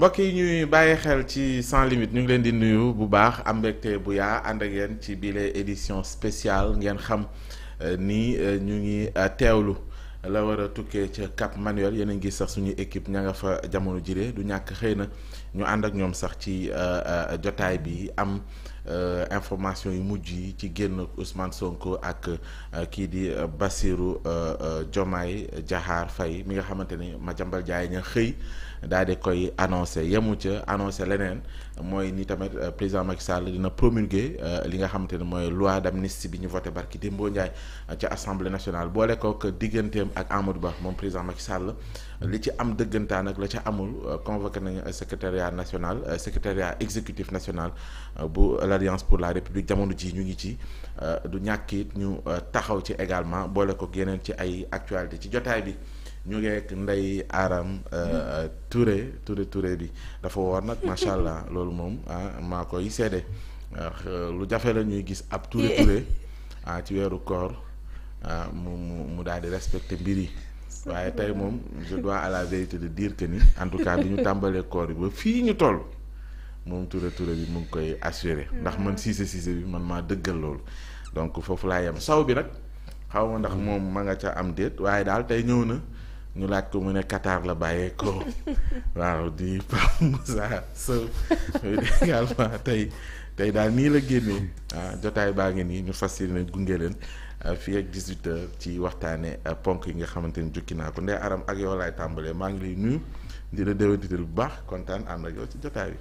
mbokk yi ñuy bàyyi xel ci sans limite ñu ngi leen di nuyu bu baax am mbégte bu yaa ànd ak ci bile édition spéciale ngeen xam euh, ni euh, ñu ngi euh, teewlu la war a tukkee ca Cap Manuel yéen a ngi sax suñu équipe ña nga fa jamono jile du ñàkk xëy na ñu ànd ak ñoom sax ci jotaay bi am information yu mujj yi ci génn Ousmane Sonko ak kii di Bassirou Diomaye Diakhar fay mi nga xamante ni Madiambal Diagne ña xëy. daal di koy annoncé yemu ca annoncé leneen mooy ni tamit euh, président Macky Sall dina promulguer euh, li nga xamante ne mooy loi d'amnistie bi ñu voté barki dimboo Ndiaye euh, ca assemblée nationale boole kook digganteem ak Amadou Ba moom président Macky Sall li ci am dëggantaan ak la ca amul convoqué nañu secrétariat national secretariat exécutif national bu l'alliance pour la république jamono ji ñu ngi ci du ñàkk it ñu taxaw ci également boole kook yeneen ci ay actualité ci jotaay bi. ñu ngeek Ndeye Aram euh, mm. Touré toure Touré bi dafa woor nag macha allah loolu moom ah maa koy seede euh, lu jafe la ñuy gis ab Touré Touré ah ci weeru koor ah mu mu mu daal di respecté mbir yi waaye tey moom je dois à la vérité de dire ni en tout cas bi ñu tàmbalee koor bi ba fii ñu toll moom toure toure bi mu ngi koy assuré mm. ndax man siise siise bi man maa dëggal loolu donc foofu laa yem saw bi nag xaw ma ndax mm. moom ma nga ca am déet waaye daal tey ñëw na. ñu laaj ko mu ne Qatar la bàyyee waaw di Pape Moussa Sow également tey tey daal nii la génnee ah jotaay baa ngi nii ñu fas yéene gunge leen ah, fii ak 18 heures ci waxtaane ah, ponk yi nga xamante ni jukki naa ko ndee aram ak yow laay tàmbalee maa ngi lay nuyu di la déwénital bu baax kontaan am ak yow ci jotaay bi.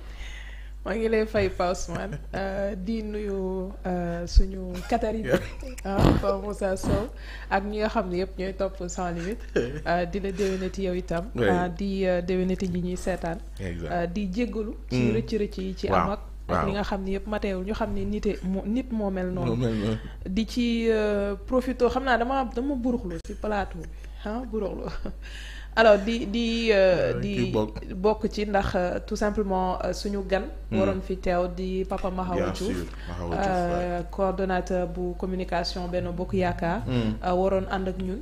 maa ngi lay fay Pa euh, di nuyu euh, suñu Qatari bi Pa Sow ak ñi nga xam ne yëpp ñooy topp sans limite euh, di la déwénati yow itam di déwénati ji ñuy seetaan di jéggalu ci mm. rëcc rëcc yi ci am ak ak nga xam ne yëpp mateewul ñu xam ne nite moo nit moo mel noonu di ci profito xam naa dama dama buruxlu si plateau bi ah buruxlu alors di di euh, ah, di bokk ci ndax euh, tout simplement euh, suñu gan hmm. waroon fi teew di Papa Mahawa Diouf coordonnateur bu communication benn Bokk Yaakaar hmm. waroon ànd ak ñun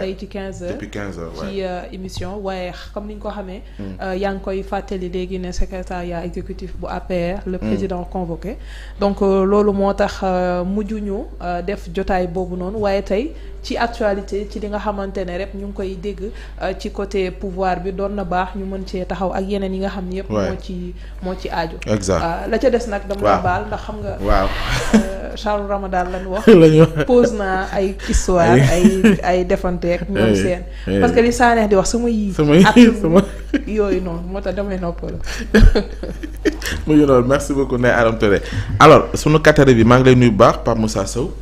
tey ci quinze heures ci émission waaye comme ni ñu ko xamee hmm. yaa ngi koy fàttali léegi ne secrétariat exécutif bu APR le président convoqué donc loolu moo tax mujj ñu def jotaay boobu noonu waaye tey ci actualité ci li nga xamante ne rek ñu ngi koy dégg euh, ci côté pouvoir bi doon na baax ñu mën cee taxaw ak yeneen yi nga xam ne yëpp moo ci moo ci aaju exact euh, la ca des nag dama la baal ndax xam nga waaw euh, Charles Ramadan lañ wax lañu pose naa ay histoire ay ay defanteeg ñoom seen parce que li saaneex di wax sama yii sama yooyu noonu moo tax damay noppaloo mu ngi noonu merci beaucoup Ndeye Arame Touré alors sunu katare bi maa ngi lay nuyu bu baax Pape Moussa Sow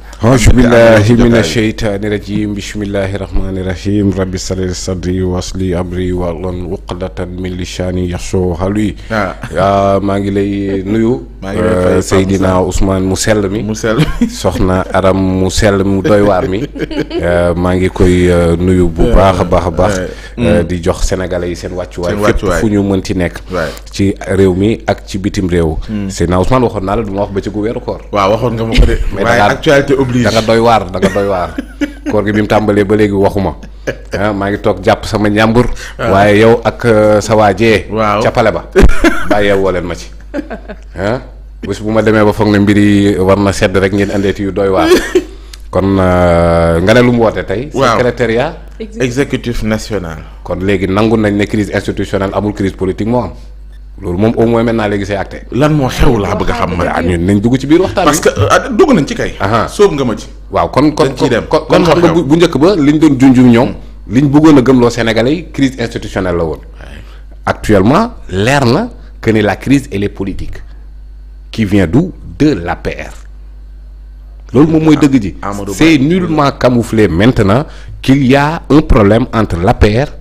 sheytaani rajim bismillahi rahmaani rahim rabbi sali sadri wasli amri wahlul uqdatan min lisaani yaxsoo xalu yi waaw ah. maa ngi lay nuyu euh, Seydina Ousmane mu sell mi mu sell soxna Aram mu sell mu doy waar mi euh, maa ngi koy euh, nuyu bu baax a baax a baax mm. di jox sénégalais yi seen wàccuwaay fépp fu ñu mënti nekk ci réew mi ak ci bitim réew mm. Seydina Ousmane waxoon naa la du ma wax ba ci gu weeru koor waaw waxoon nga ma ko de mais actualité oblige da nga doy koor gi bi mu tàmbalee ba léegi waxuma ah maa ngi toog jàpp sama ñàmbur. Ah. waaye yow ak euh, sa waa jee. waaw ca pale ba bàyyee woo leen ma ci ah bu ma demee ba foog na mbir yi war na sedd rek ngeen andeeti yu doy waa kon euh, nga ne lu mu woote tey. waaw secrétariat. exécutif national. kon léegi nangu nañ ne crise institutionnelle amul crise politique moo am. loolu moom au moins maintenant léegi c'est acté. lan moo xew laa bëgg a xam. ma ñun nañ dugg ci biir waxtaan bi parce que euh, ah, dugg nañ ci kay. sóob nga ma ci. waaw kon kon kon xam nga bu njëkk ba liñ doon junjum ñoom. Hmm. liñ bëggoon a gëmloo Sénégalais yi crise institutionnelle la woon. actuellement leer na que ni la crise elle est politique. qui vient du de l'APR. loolu moom mooy ah, dëgg ji. c'est nullement camouflé maintenant qu'il y a un problème entre l'APR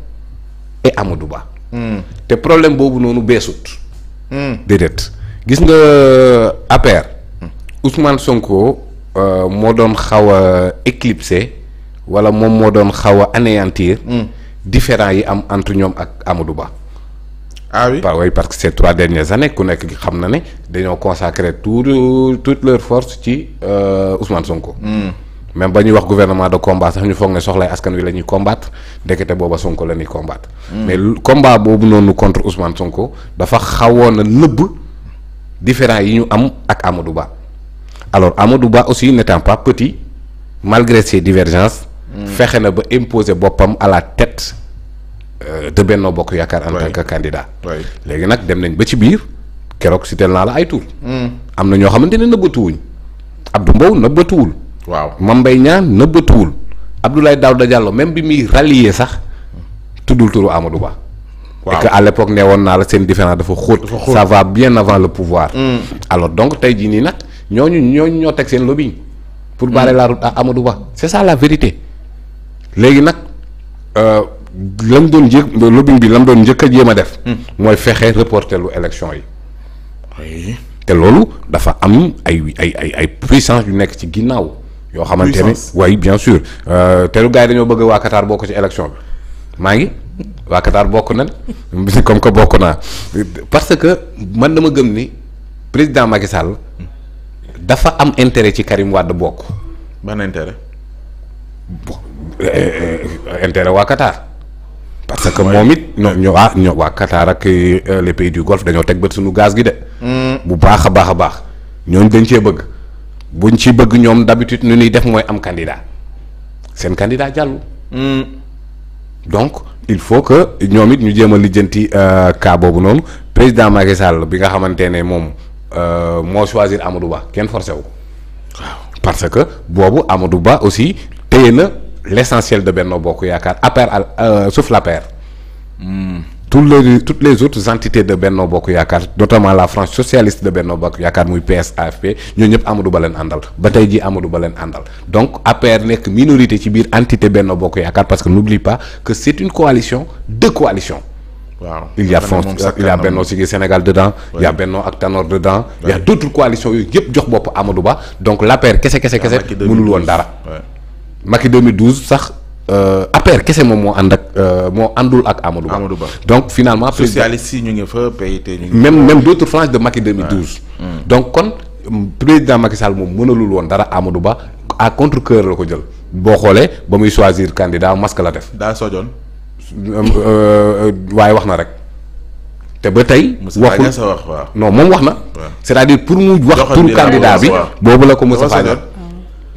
et Amadou Ba. te problème boobu noonu beesut. déedéet gis nga euh, APR. Ousmane Sonko euh, moo doon xaw a éclipser wala moom moo doon xaw a anéantir. Hmm. différent yi am entre ñoom ak Amadou Ba. ah oui par oui parce que ces trois dernières années ku nekk xam na ne dañoo consacrer tout toute leur force ci euh, Ousmane Sonko. Hmm. même ba ñuy wax gouvernement de combat sax ñu foog ne soxlay askan wi la ñuy combattre ndekete booba Sonko la ñuy combattre. Hmm. mais combat boobu noonu contre Ousmane Sonko dafa xawoon a nëbb différents yi ñu am ak Amadou Ba alors Amadou Ba aussi n'étant pas petit malgré ses divergences. Hmm. fexe na ba imposer boppam à la tête euh, de Benno Bokk Yaakaar. en tant que candidat. léegi nag dem nañ ba ci biir keroog si teel naa la ay tur. Hmm. am na ñoo xamante ne nëbbatuwuñ Abdou Mbow nëbbatuwul. waaw Mame Mbaye Niang nëbbatuwul Abdoulaye da Diallo même bi muy rallier sax tuddul turu Amadou Ba. waaw et que à ne woon naa la seen différence dafa xóot. ça va bien avant le pouvoir. Mm. alors donc tey jii nii nag ñooñu ñooñu ñoo teg seen lobbying. pour barrer mm. laa route à Amadou Ba c'est ça la vérité. léegi nag euh, lam doon jé lobbying bi lam doon njëkk a jéem a def. Mm. mooy fexe reporter lu élection yi. te loolu dafa am ay ay ay ay puissance yu nekk ci ginnaaw. yoo xamante ni waaye bien sûr euh, te lu gars yi dañoo bëgg waa Qatar bokk ci élection bi maa ngi waa Qatar bokk na comme que bokk naa parce que man dama gëm ni président Macky Sall dafa am intérêt ci Karim Wade bokk. ban intérêt. Euh, euh, intérêt waa Qatar. parce que moom it ñoo ñoo ah ñoo waa Qatar ak les pays du Golfe dañoo teg bët suñu gaz gi de. Hmm. bu baax a baax a baax ñooñ dañ cee bëgg. buñ ci bëgg ñoom d'habitude nu ñuy def mooy am candidat seen candidat jàllu hmm. donc il faut que ñoom it ñu jéem a lijjanti euh, cas boobu noonu président Macky Sall bi nga xamante ne moom euh, moo choisir Amadou Ba kenn forcé wu ko waaw parce que boobu Amadou Ba aussi téye na l' de Benno Bokk Yaakaar APR euh, suuf la toutes les toutes les autres entités de Benno Bokk Yaakaar notamment la France socialiste de Benno Bokk Yaakaar muy PS AFP ñoo ñëpp Amadou Ba leen àndal ba tey jii Amadou Ba leen àndal donc APR nekk minorité ci biir entité Benno Bokk Yaakaar parce que n'oublie pas que c'est une coalition de coalition waaw il y a France a Benno Siggil Sénégal dedans il y a Benno ak Tanor dedans il y a d'autres coalitions yooyu yëpp jox bopp Amadou Ba donc l'APR kese kese kese mënul woon dara Macky 2012 sax Euh, APR kese moom moo ànd ak euh, moo àndul ak Amadou Ba. Amadou Ba donc finalement. socialiste yi ñu ngi fa PIT ñu même même d'autres franges de Macky 2012. Hmm. donc kon président Macky Sall moom mënalul woon dara amadu Ba à contre-cœur la ko jël boo xoolee ba muy choisir candidat masque la def. daa sojoon. Euh, waaye wax na rek. te ba tey. waxul non moom wax na. c'est-à-dire pour mu wax. pour candidat bi boobu la ko Moussa Faye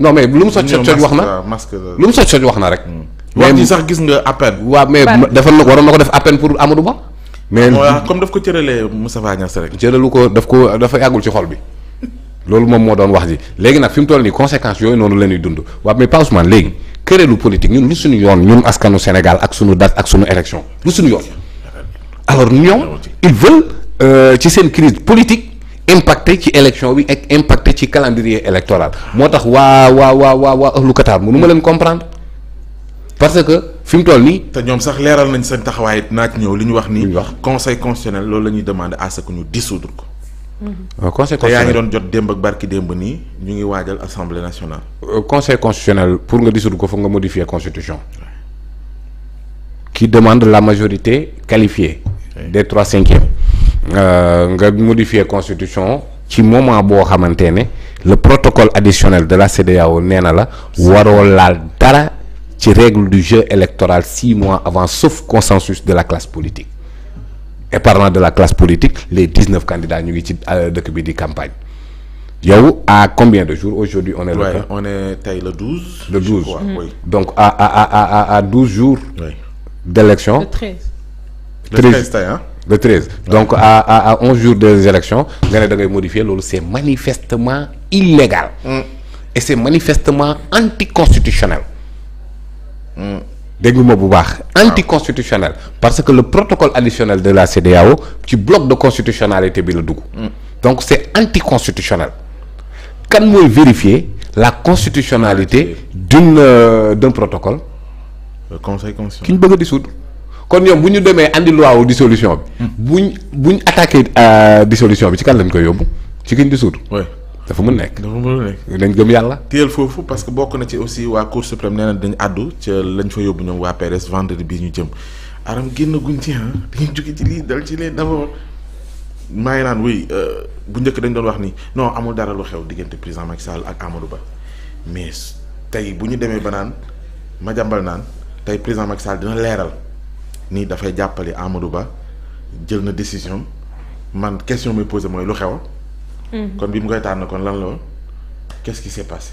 non mais lu mu soj soj wax na lu mu soj soj wax na rek. Hmm. wax ji sax gis nga appel. waaw mais dafa waroon na ko def appel pour Amadou Ba. mais comme daf ko cëralee Moustapha Niass rek. cëralu ko dafa yàggul ci xol bi loolu moom moo doon wax ji léegi nag fi mu toll nii conséquences yooyu noonu la ñuy dund waaw mais pas Ousmane léegi këreelu politique ñun lu suñu yoon ñun askanu Sénégal ak suñu date ak suñu élection lu suñu yoon alors ñoom ils euh, seen crise impacté ci élection bi ak impacté ci calendrier électoral moo tax waa waa waa waa waa ahlu Qatar mënu ma leen comprendre parce que fi mu toll nii. te ñoom sax leeral nañ seen taxawaay naaj ñëw li ñu wax nii. wax conseil constitutionnel loolu la ñuy demander à ce que ñu dissoudre ko. waaw mm-hmm. euh, conseil constitutionnel te yaa ngi doon jot démb ak barki démb nii ñu ngi waajal assemblée nationale. Euh, conseil constitutionnel pour nga dissoudre ko foog nga modifier constitution. qui demande la majorité qualifiée. des trois cinquièmes. Euh, nga modifier constitution ci moment boo xamante ne le protocole additionnel de la CEDEAO nee na la waroo laal dara ci règle du jeu électoral six mois avant sauf consensus de la classe politique et parlant de la classe politique les dix-neuf candidats ñu ngi ci euh, dëkk bi di campagne yow à combien de jours aujourd'hui on est ouais, le on est le douze le douze mmh. donc à à à à douze jours oui. le treize le 13 donc à à à onze jours des élections nga ne da ngay modifier loolu c'est manifestement illégal mm. et c'est manifestement anticonstitutionnel dégg ma bu baax anticonstitutionnel parce que le protocole additionnel de la CEDEAO ci bloc de constitutionnalité bi la dugg mm. donc anti anticonstitutionnel kan mooy vérifier la constitutionnalité d'une euh, d'un protocole le conseil constitutionnel ki kon ñoom bu ñu demee andi loi wu dissolution bi. Hmm. buñ buñ attaqué euh, dissolution bi ci kan lañ koy yóbbu ci kiñ di suut. dafa mën nekk dafa mën nekk. dañ gëm yàlla. téyel foofu parce que bokk na ci aussi waa cour suprême nee na dañ àddu ca lañ fa yóbbu ñoom waa PDS vendredi bii ñu jëm. aram génn guñ ci ah dañuy jóge ci lii dal ci lee d'abord maa ngi naan oui euh, bu njëkk dañu doon wax ni non amul dara lu xew diggante président Macky ak Amadou Ba mais tey bu ñu demee ba naan ma naan tey président Macky dina leeral. nii dafay jàppale Amadou Ba jël na décision man question bi posé mooy lu xew. Hmm. kon bi mu koy tànn kon lan la woon qu'est-ce qui s'est passé.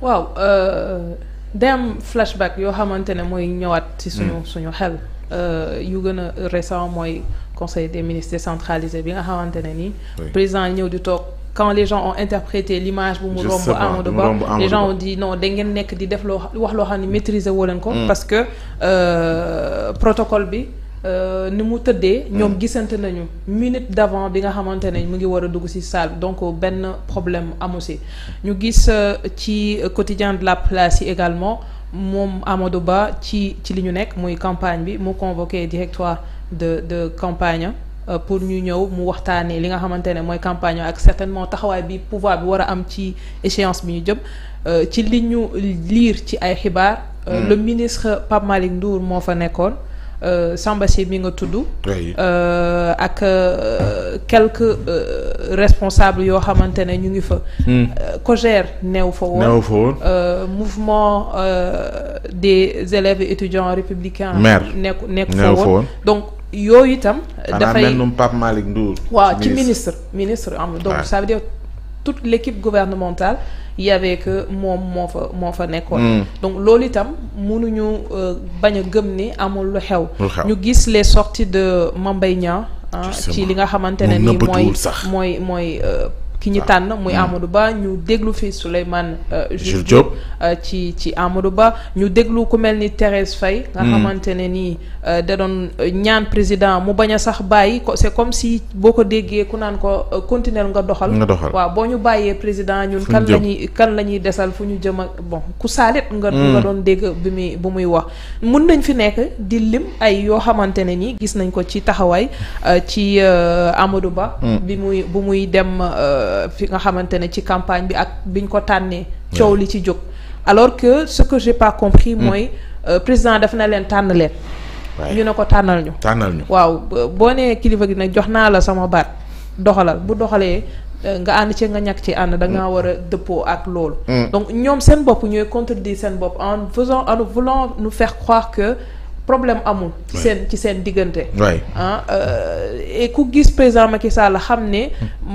waaw euh, day am flashback yoo xamante ne mooy ñëwaat. ci suñu hmm. suñu xel. Euh, yu gën a récent mooy conseil des ministres décentralisé bi nga xamante ne nii. président ñëw di toog. quand les gens ont interprété l'image bu mu romb Amadou Ba les gens ont dit non da ngeen nekk di def loo wax loo xam ne mm. maîtriser woo leen ko mm. parce que euh, protocole bi euh, ni mu tëddee mm. ñoom gisante nañu minute d'avant bi nga xamante ne mu ngi war dugg ci salle donc benn problème amu si ñu gis euh, ci quotidien de la place yi également moom amado Ba ci ci li ñu nekk muy campagne bi mu convoqué directoire de de campagne Euh, pour ñu ñëw mu waxtaanee li nga xamante ne mooy campagne ak certainement taxawaay bi pouvoir bi war a am ci échéance bi ñu jëm euh, ci li ñu liir ci ay xibaar. Euh, mm. le ministre Pape nduur moo fa nekkoon. Samba Sy mi nga tudd. ak quelques responsables yoo xamante ne ñu ngi fa. Mm. COJER neew fa woon. neew fa woon. mouvement des élèves étudiants républicains. maire nekk nekk fa woon yooyu itam. dafay xanaa mel Pape Malick Ndour. waaw ci ministre ministre am donc ça veut dire toute l' équipe gouvernementale y que moom moo fa moo fa nekkoon. Mm. donc loolu itam mënuñu euh, bañ a gëm ni amul lu xew. ñu gis les sorties de Mame Mbaye Niang ah, ci li nga xamante ne nii mooy mooy mooy. Euh, ki ñu ah. tànn muy hmm. Amadou Ba ñu déglu fi Souleymane euh, Jules Diop euh, ci ci Amadou Ba ñu déglu ku mel ni Thérèse Faye nga hmm. xamante ne nii euh, da doon ñaan président mu bañ a sax bàyyi c'est comme si boo ko déggee ku naan ko continuer nga doxal nga doxal waaw boo ñu bàyyee président ñun kan la kan la ñuy desal fu ñu jëm ak bon ku saalit nga hmm. nga doon dégg bi muy bu muy wax mun nañ fi nekk di lim ay yoo xamante ne nii gis nañ ko ci taxawaay ci Amadou Ba bi muy bu muy dem fi nga xamante ne ci campagne bi ak biñ ko tànnee coow li ci jóg alors que ce que j'ai pas compris hmm. mooy euh, président def na leen tànn leen ñu ne ko tànnal ñu tànnal ñu waaw boo nee kilifa gi nag jox naa la sama baat doxalal bu doxalee euh, nga ànd ci nga ñàkk ci ànd da ngaa hmm. war a dëppoo ak loolu hmm. donc ñoom seen bopp ñooy contredire seen bopp en faisant en voulant nous faire croire que problème amul. ci seen ci seen diggante. ah euh, et ku gis président Macky Sall xam ne.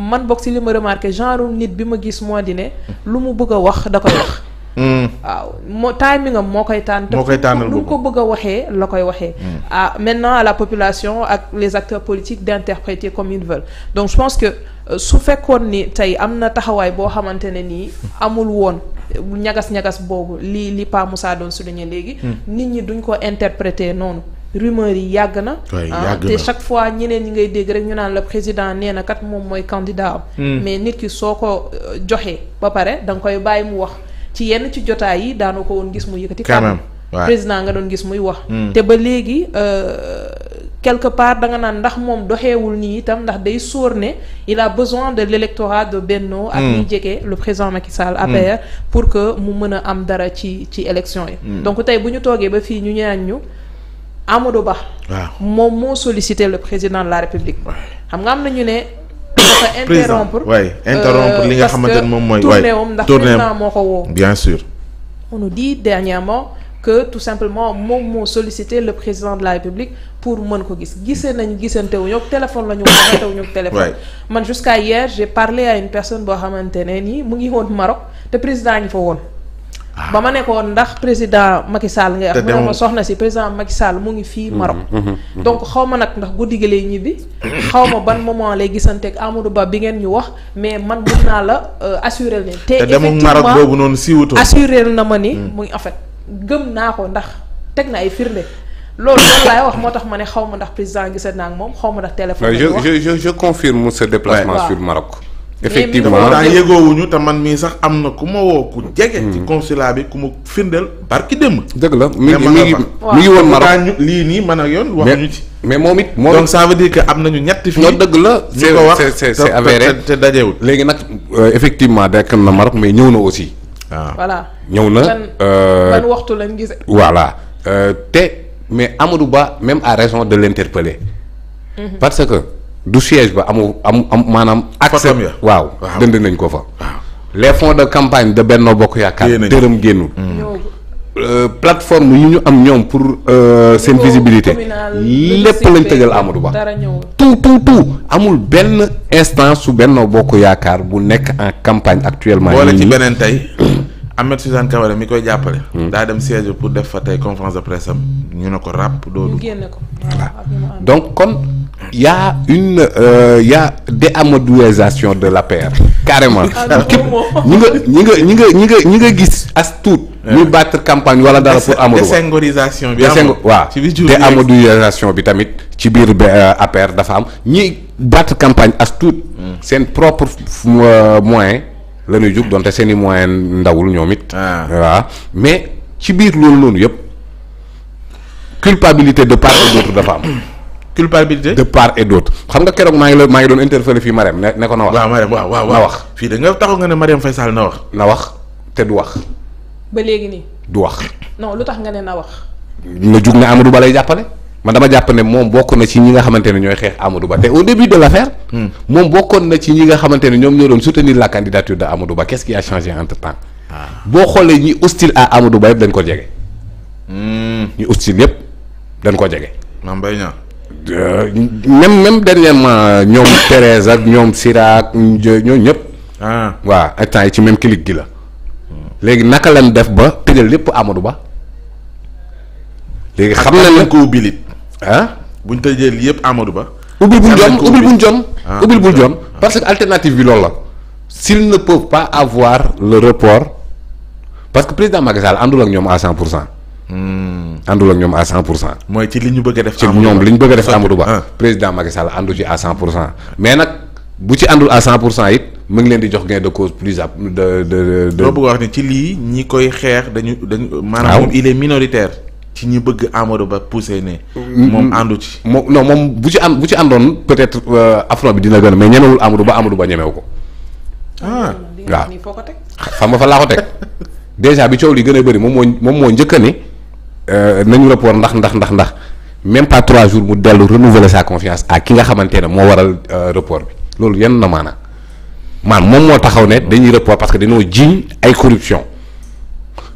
man bokk si li ma remarqué genre nit bi ma gis mois di ne. lu mu bëgg a wax da koy wax. Hmm. waaw moo timing am moo koy tànn. moo koy tànnal lu ko bëgg a waxee la koy waxee. Hmm. ah maintenant la population ak les acteurs politiques d'interpréter comme ils veulent donc je pense que euh, su fekkoon ni tey am na taxawaay boo xamante ne nii amul woon. ñagas-ñagas boobu li li Pa Moussa doon souligner léegi hmm. nit ñi duñ ko interpréter noonu rumeur yi yàgg na ah, te chaque fois ñeneen ñi ngay dégg rek ñu naan la président nee na kat moom mooy candidat mais nit ki soo ko euh, joxee ba pare da nga koy bàyyi mu wax ci yenn ci jotaay yi daanu ko woon gis mu yëkkati kàddu président nga doon gis muy wax hmm. te ba léegi euh, quelque part da nga naan ndax moom doxewul nii itam ndax day sóor ne il a besoin de l'électorat de Benno ak hmm. ñuy jege le président Macky Sall hmm. pour que mu mën a am dara ci ci élection yi donc tey bu ñu toogee ba fii ñu ñaan ñu Amadou Ba moom moo sollicité le président de la République xam nga am na ñu ne dafa interrompre waay interrompre euh, li nga xamante ne moom mooy. tournée am ndax président moo ko woo bien sûr. on nous dit dernièrement que tout simplement moom moo sollicité le président de la République pour mën ko gis gise nañ gisante wu ñoog téléphone la ñu waxante wu ñoog téléphone man jusqu'à hier j'ai parlé à une personne boo xamante ne nii mu ngi woon Maroc te président ngi fa woon ba ma nekkoon ndax président Macky Sall ngay wax mu ne ma soxna si président Macky Sall mu ngi fii Maroc mm-hmm, mm-hmm, mm-hmm. donc xaw ma nag ndax guddi gi lay ñibbi xaw ma ban moment lay gisante ak Amadou Ba bi ngeen ñu wax mais man mun naa la euh, assurer ne te demul Maroc boobu noonu siiwutu assurer na ma ni mm. mu ngi en fait gëm naa ko ndax teg na ay firnde loolu loolu laay wax moo tax ma ne xaw ma ndax président gisee naa ak moom xaw ma ndax téléphone je je je confirme ce déplacement sur effectivement daa yëgoowuñu te man mii sax am na ku ma woo ku jege. ci hmm. consulat bi ku ma firndeel barki démb. dëgg la mi ngi mi ngi woon Maroc lii nii man ak yoon wax ñu ci. mais moom it moom donc ça veut dire que am nañu ñetti. fii dëgg la ñu ko wax c'est te dajewul. léegi nag euh, effectivement dekk na Maroc mais ñëw na aussi. waaw ah. voilà ñëw na. ban euh, waxtu lañ voilà euh, te mais Amadou Ba même à raison de l'interpeller. Mhm. parce que. du siège ba amul am am maanaam. accès waaw dënd nañ ko fa. les fonds de campagne de Benno Bokk Yaakaar. dërëm génnul. Hmm. Euh, plateforme yi ñu am ñoom pour euh, seen visibilité lépp lañ tëgal Amadou Ba tout tout tout amul benn instance su Benno Bokk Yaakaar bu nekk en campagne actuellement. boole ci beneen tey Ahmed Suzanne Camara mi koy jàppale. Hmm. daa dem siège pour def fa tey conférence de presse ñu ne ko ràpp doodu. voilà donc kon. y a une euh, de a de la l'APR carrément ah, képp ñi nga ñi nga ñi nga ñi nga ñi nga gis as tuut ñu campagne wala dara pour Amadou désingorisation bi désingo waaw déamadouisation bi tamit ci biir euh, APR dafa am ñi battre campagne as hmm. seen propre euh, moyen la ñuy jug donte seen i moyen ndawul ñoom it waaw ah. mais ci biir loolu noonu yëpp culpabilité de part de d'autre dafa am culpabilité de part et d'autre xam nga keroog maa ngi la maa ngi doon interpellé fii Marème ne ne ko na wax. waaw Marème waaw waaw na wax. fii da nga taxaw nga ne Marème Faye Sall na wax. na wax te du wax. ba léegi nii. du wax. non lu tax nga ne na wax. na jug ne Amadou Ba lay jàppale man dama jàpp ne moom bokk na ci ñi nga xamante ne ñooy xeex Amadou Ba te au début de l'affaire. Hmm. moom bokkoon na ci ñi nga xamante ne ñoom ñoo doon soutenir la candidature de Amadou Ba qu'est-ce qui a changé entre temps. Ah. boo xoolee ñi hostile à Amadou Ba yëpp dañ ko jege. Hmm. ñi hostile yëpp dañ ko jege. Mame Mbaye Niang même même dernièrement ñoom Thérèse ak ñoom Sirac ñoo ñëpp. Ah. waaw ak temps yi ci même clique gi la. léegi naka lañ def ba tëjal lépp Amadou Ba. léegi xam nañ ne ko ubbil it. ah buñ tëjee yëpp Amadou Ba. ubbil buñ jom ubbil buñ jon ah, ah. parce que alternative bi loolu la. si ne peuvent pas avoir le report parce que président Macky Sall àndul ak ñoom à 100 pour cent. Hmm. àndul ak ñoom à 100 pour cent. mooy ci li ñu bëgg a def. ci ñoom li ñu bëgg a def Amadou Ba président Macky Sall àndu ci à 100 pour cent mais nag bu ci àndul à 100 pour cent it mu ngi leen di jox gain de cause plus à de de de. loo bëgg wax ne ci lii ñi koy xeex dañu dañu. maanaam moom il est minoritaire. ci ñi bëgg Amadou Ba poussé ne. moom mm-hmm. àndu ci. moom non moom bu ci ànd bu ci àndoon peut-être euh, affront bi dina gën mais ñemewul Amadou Ba Amadou Ba ñemewu ko. ah waaw xam nga fa laa ko teg déjà bi coow li gën a bëri moom moo moom moo njëkk a ne Euh, nañu rapport ndax ndax ndax ndax même pas trois jours mu dellu renouveler sa confiance ak ki nga xamante ne moo waral euh, rapport bi loolu yenn na maanaa maan moom moo taxaw ne dañuy rapport parce que dañoo jiiñ ay corruption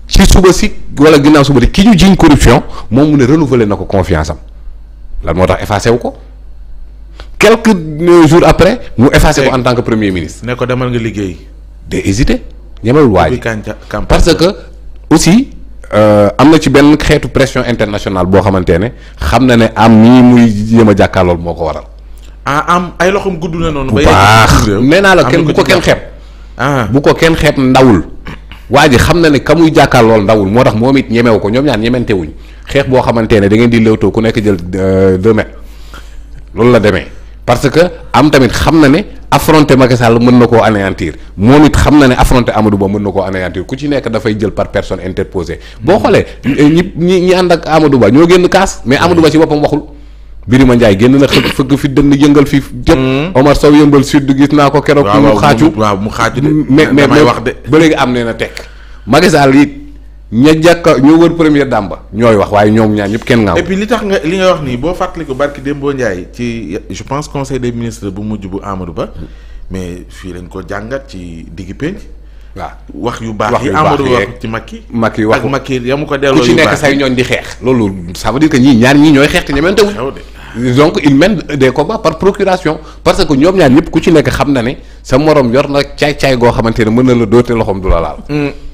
ci suba si wala ginnaaw suba di ki ñu jiiñ corruption moom mu ne renouveler na ko confiance am lan moo tax effacé wu ko quelques euh, jours après mu effacé ko en tant que premier ministre. ne ko demal nga liggéey. day hésité ñemewul waaj. parce que aussi. Euh, am na ci benn xeetu pression international boo xamante ne xam na ne am nii muy jéem a jàkkaarlool moo ko waral. ah am ay loxoom gudd na noonu. bu baax nee naa la kenn bu ko kenn xeeb. Ah. bu ko kenn xeeb ndawul. waa ji xam na ne ka muy jàkkaarlool ndawul moo tax moom it ñemewu ko ñoom ñaan ñemente wuñ xeex boo xamante ne di léewtoo ku nekk jël euh, deux mètres loolu la demee. parce que am tamit xam na ne affronte Macky Sall mën na koo anéantir moo it xam na ne affronter Amadou Ba mën na koo anéantir ku ci nekk dafay jël par personne interposée boo xoolee ñi ñi ñi ànd ak Amadou Ba ñoo génn kaas mais amadu Ba ci boppam waxul Birima Ndiaye génn na xëgg fëgg fi dënn yëngal fi jëpp mm-hmm. Omar Sow yëmbal sud gis naa ko keroog mu xaaju mu xaaju de mais mais wax de ba léegi am nee a tekk Macky Sall ña jàkka ñoo wër première dame ba ñooy wax waaye ñoom ñaar ñëpp kenn nga et li tax nga li nga wax nii boo fàttaliku barki Dembo Ndiaye ci je pense conseil des ministres bu mujj bu Amadou Ba mais fii lañ ko jàngat ci digg penc waaw wax yu baax yi Amadou wax ci Macky Macky wax ak Macky ya mu ko delloo ku ci nekk say ñooñ di xeex loolu ça veut dire ñii ñaar ñii ñooy xeex te ñemeen tewuñ donc il mène des combats par procuration parce que ñoom ñaan ñëpp ku ci nekk xam na ne sa morom yor nag caay-caay goo xamante ne mën na la doote loxoom du la laal mm.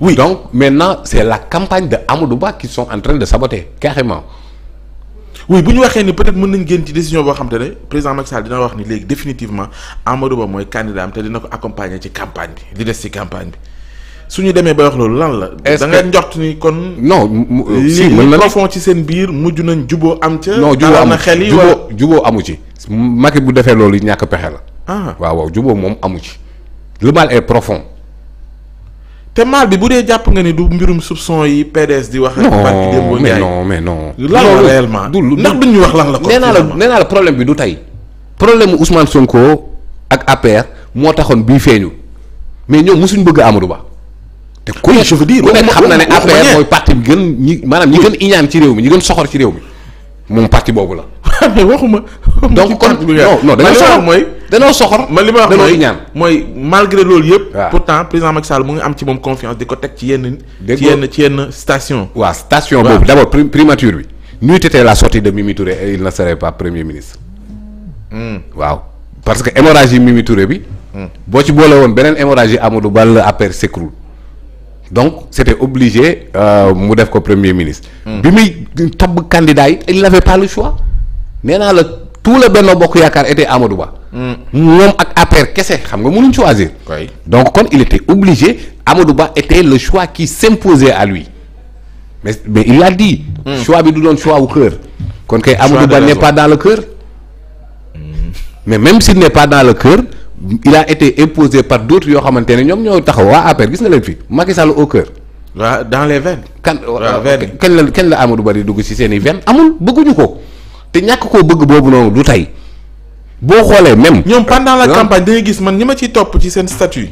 oui donc maintenant c' est la campagne de Amadou Ba qui son en train de saboter carrément. oui bu ñu waxee ni peut-être mën nañ génn ci décision boo xam ne ne président Macky Sall dina wax ni léegi définitivement Amadou Ba mooy candidat am te dina ko accompagner ci campagne bi di des ci campagne bi su ñu demee ba wax loolu lan la. est da nga njort ni kon. non euh, si mën na profond ci seen biir mujj nañ juboo am ca. non juboo am na xel wala juboo amu ci. Macky bu defee loolu ñàkk pexe la. Ah. waaw waaw juboo moom amu ci. le mal est profond. te mal bi bu dee jàpp nga ni du mbirum soupçon yi PDS di wax. non mais non mais non. lan du lu ndax duñ ñu wax lan la. ko nee naa la nee naa la problème bi du tey problème mu Ousmane Sonko ak APR moo taxoon bii feeñu mais ñoom mosuñ bëgg Amadou Ba. te ku ne je veux dire ku ne xam na ne APR mooy parti bi gën ñi maanaam ñi gën iñaan ci réew mi ñi gën soxor ci réew mi. moom parti boobu la. mais waxuma. donc kon non non dañoo soxor mooy. dañoo soxor man li ma wax mooy ñaan mooy malgré loolu yëpp. pourtant président Macky Sall mu ngi am ci moom confiance di ko teg ci yenn. ci yenn ci yenn station. waaw station boobu d' primature bi. nuy tete la sortie de Mimi Touré et il ne serait premier ministre. Hmm. waaw parce que hémorragie yi Touré bi. Hmm. boo ci boole woon beneen hémorragie Amadou Ba la affaire s'écroule donc c' était obligé euh, mu def ko premier ministre. Hmm. bi muy tabb candidat yi il n' avait pas le choix nee naa la tout le Benno Bokk Yaakaar était Amadou Ba. Hmm. moom ak APR kese xam nga mënuñ choisir. donc kon il était obligé Amadou était le choix qui s'imposait à lui mais mais il l'a dit. Hmm. choix bi du doon choix wu cœur. kon kay Amadou Ba n'est pas dans le cœur. mais même s'il n'est pas dans le cœur. il a été imposé par d'autres yoo xamante ne ñoom ñoo taxaw waa APR gis nga leen fi Macky Sall au cœur. waaw dans les kan kenn la kenn la Amadou Ba di dugg ci seen i veines amul bëgguñu ko te ñàkk koo bëgg boobu noonu du tey boo xoolee même. ñoom pendant la ah. campagne dañuy gis man ñi ma ciy topp ci seen statut.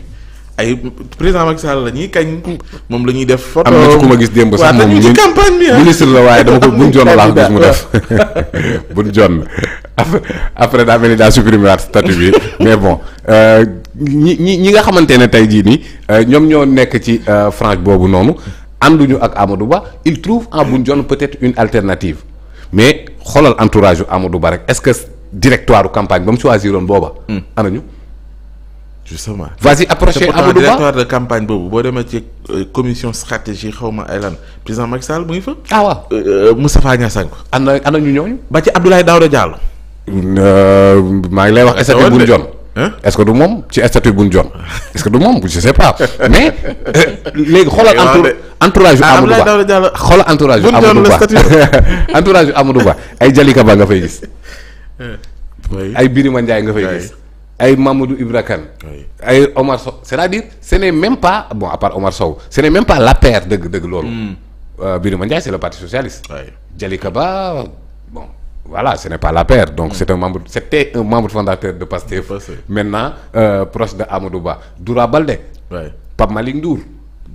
ay président Macky Sall la ñuy kañ. moom la ñuy def photo. am na ci ku ma gis démb sax moom ñu ci campagne bi ah. ministre la waaye dama ko buñ joon laa ko gis mu def bu buñ joon après daa mel ni daa supprimé waat statut bi mais bon euh, ñi ñi ñi nga xamante ne tey jii nii euh, ñoom ñoo nekk ci euh, frange boobu noonu ànduñu ak Amadou Ba il trouve en buñ joon peut-être une alternative mais xoolal entourage yu Amadou Ba rek est-ce que directoire campagne ba mu choisiroon booba. Hmm. anañu justement vas-y approcher Amadou Ba directoire de campagne boobu boo demee ci euh, commission stratégie xaw ma ay lan président Macky Sall mu ngi fa. ah waaw euh, euh, Moustapha Niassane ko. ànd na ànd ñu ñooñu. ba ci Abdoulaye Daouda Diallo. maa ngi lay wax statut bu Ndiol. est-ce que du moom ci statut bu Ndiol. est-ce que du moom je sais pas mais. léegi xoolal entourage entourage yu ah, Amadou Ba Abdoulaye Daouda Diallo xoolal entourage yu Amadou Ba entourage yu Amadou Ba ay Jalika Ba nga fay gis. ay Birima Ndiaye nga fay gis. ay Mamadou Ibra ay Omar Sow c'est-à-dire ce n'est même pas bon à part Omar Sow ce n'est même pas l'APR dëgg dëgg loolu hmm. euh, Birima Ndiaye c'est le parti socialiste Jalika Ba bon voilà ce n'est pas l'APR donc hmm. c'est un membre c'était un membre fondateur de PASTEF maintenant euh, proche de Amadou Ba Doura Baldé Pape Malick bu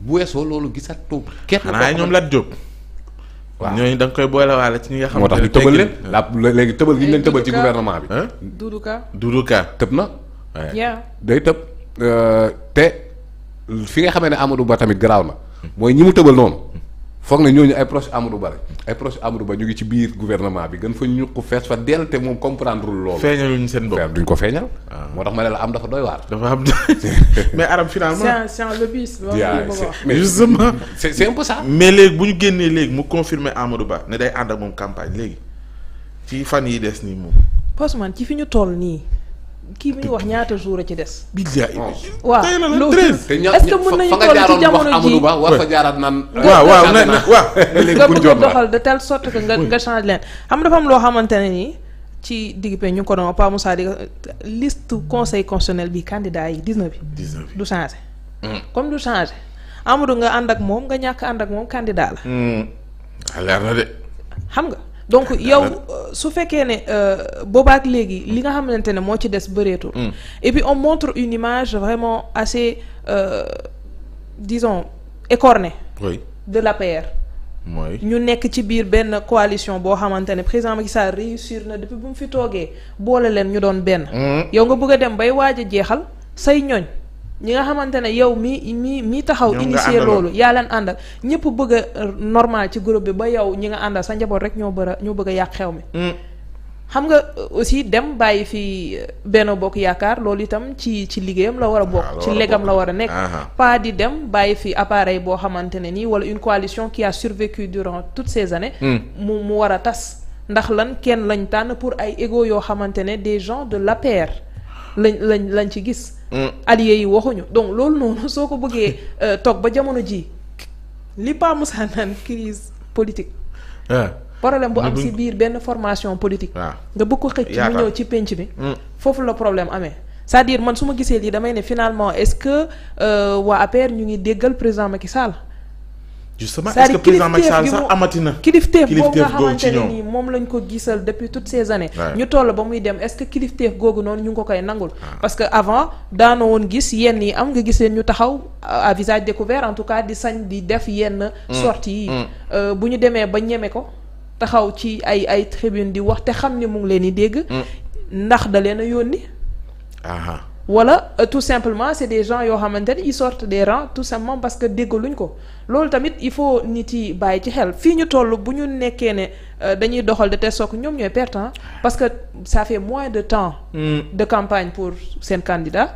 weesoo loolu gisatoo kenn xanaa ñoom Lat Diop waaw ñooñu da nga koy boolewaale ci ñi nga xam moo tax ñu tëbal leen la léegi tëbal gi ñu leen tëbal ci gouvernement bi Doudou Ka Ka tëb na day tëb euh, te fi nga xamee ne Amadou Ba tamit garaaw na mooy ñi mu tëbal noonu foog na ñooñu ay proche Amadou Ba ay proche Amadou Ba ñu ngi ci biir gouvernement bi gën fa ñu fees fa dell moom comprendre lul loolu. feeñaluñ seen bopp duñ ko feeñal. Ah. moo tax ma ne bu ñu génnee léegi mu confirmer Amadou Ba ne day ànd ak moom campagne léegi ci fan yi des nii moom. Passeman ci fi ñu toll nii. kii bi ñu wax ñaata jour a ci des. bidia oh. waaw loolu est-ce que mën nañu toll ci jamono jii war fa jaaraat na euh, na doxal de telle sorte que nga nga change leen xam dafa loo xamante ne nii ci digg pe ñu ko doon Pa Moussa di conseil constitutionnel bi candidat yi 19 bi. 19 bi du changé. Hmm. comme du change Amadou nga ànd ak moom nga ñàkk ànd ak moom candidat la. Hmm. Ah, leer na de. xam nga. donc ah, yow euh, su fekkee ne euh, boobaak léegi li nga xamante ne moo ci des bëreetul. Hmm. et puis on montre une image vraiment assez euh, disons écornée. oui de l'APR. mooy ñu nekk ci biir benn coalition boo xamante ne président Macky réussir na depuis bu mu fi toogee boole leen ñu doon benn. Hmm. yow nga bëgg a dem bay waaj a jeexal say ñoñ. ñi nga xamante ne yow mi mi mi taxaw initier loolu yaa leen àndal ñëpp bëgg a euh, normal ci groupe bi ba yow ñi nga àndal sa njaboot rek ñoo bëra ñoo bëgg a yàq xew mi mm. xam nga euh, aussi dem bàyyi fi euh, benn Bokk Yaakaar loolu itam ci ci liggéeyam la war a ah, bokk ci legam la war a nekk ah, ah. pas di dem bàyyi fi appareil boo xamante ne nii wala une coalition qui a survécu durant toutes ces années mm. mu mu war a tas ndax lan kenn lañ tànn pour ay égo yoo xamante ne des gens de l'APR lañ lañ lañ ci gis. Mm. alliés yi waxuñu donc loolu noonu soo ko bëggee euh, toog ba jamono ji li Pa Moussa naan crise politique. Ah. problème bu am si biir benn formation politique. Ah. nga bëgg ko xëcc mu ñëw ci pénc bi. Mm. foofu la problème amee. sa à man su ma gisee lii damay ne finalement est-ce que euh, waa APR ñu ngi déggal président Macky Sall. justement est-ce que président amati na kilifteef boobu nga xamante nii moom lañ ko gisal depuis tout ces années ñu toll ba muy dem est que kilifteef googu noonu ñu ngi ko koy nangul ah. parce que avant daana woon gis yenn yi am nga gis leen ñu taxaw euh, à visage découvert en tout cas di sañ di def yenn mm. sorties yi mm. euh, bu ñu demee ba ñemee ko taxaw ci ay ay tribune di wax te xam ni mu ngi leen di dégg mm. ndax da leen a yónni wala euh, tout simplement c'est des gens yoo xamante ni ils sortent des rangs tout simplement parce que déggaluñ ko loolu tamit il faut nit yi bàyyi ci xel fii ñu toll bu ñu nekkee ne euh, dañuy doxal de telle sorte ñoom ñooy perdant parce que ça fait moins de temps hmm. de campagne pour seen candidat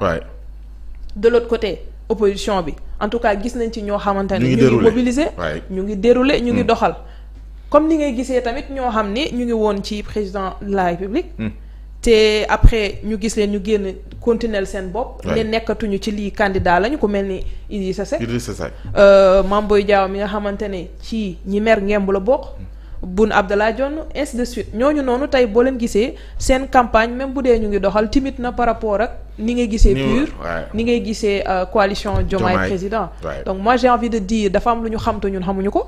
de l'autre côté opposition bi en tout cas gis nañ ci ñoo xamante ne ñu ngi mobiliser ñu ngi dérouler ñu ngi hmm. doxal comme ni ngay gisee tamit ñoo xam ni ñu ngi woon ci président la république hmm. te après ñu gis leen ñu génn continuer seen bopp. ne nekkatuñu ci lii candidat lañu ko mel ni Idrissa Seck. Idrissa Seck. Euh, Mame Boye Diao mi nga xamante ne ci ñi mer ngemb la bokk. Mm. Boun Abdallah Dionne ainsi de suite ñooñu noonu tey boo leen gisee seen campagne même bu dee ñu ngi doxal timide na par rapport ak ni ngay gisee PUR ni ngay gisee euh, coalition Diomaye président donc moi j'ai envie de dire dafa am lu ñu xam te ñun xamuñu ko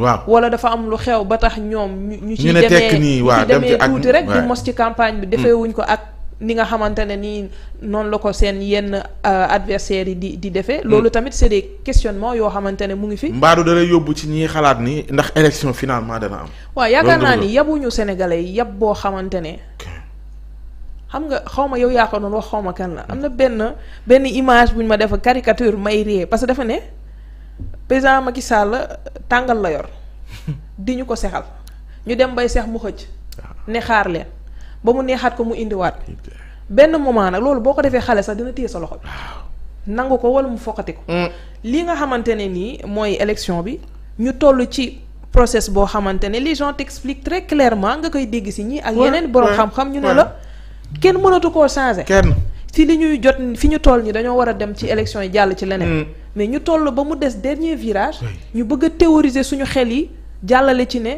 waaw wala dafa am lu xew ba tax ñoom ñu ci demee ñu ci demee tuuti rek di mos ci campagne bi mm. defee wuñ ko ak ni nga xamante ne nii noonu la ko seen yenn euh, adversaires yi di di defee mm. loolu tamit c'est des questionnements yoo xamante ne mu ngi fi mbaadu dalay yóbbu ci ñiy xalaat nii ndax élection finalement dana am waaw yaakaar naa ni yabuñu sénégalais yi yab boo xamante ne xam nga xaw ma yow yaa ko wax xaw ma kan la am na benn benn image bu ñu ma def caricature may ree parce que dafa ne président Macky la tàngal la yor di ñu ko sexal ñu dem bay seex mu xëcc ah. ne xaar leen ba mu neexaat ko mu indiwaat benn moment nag loolu boo ko defee xale sax dina téye sa loxo bi nangu ko wala mu foqati ko mm. li nga xamante ne nii mooy élection bi ñu toll ci process boo xamante ne les gens t'expliquent très clairement nga koy dégg si ñii ak yeneen borom xam-xam ñu ne la kenn mënatu koo changer. kenn si li ñuy jot fi ñu toll nii dañoo war a dem ci élection yi jàll ci leneen mm. mais ñu toll ba mu des dernier virage ñu bëgg a théoriser suñu xel yi jàllale ci ne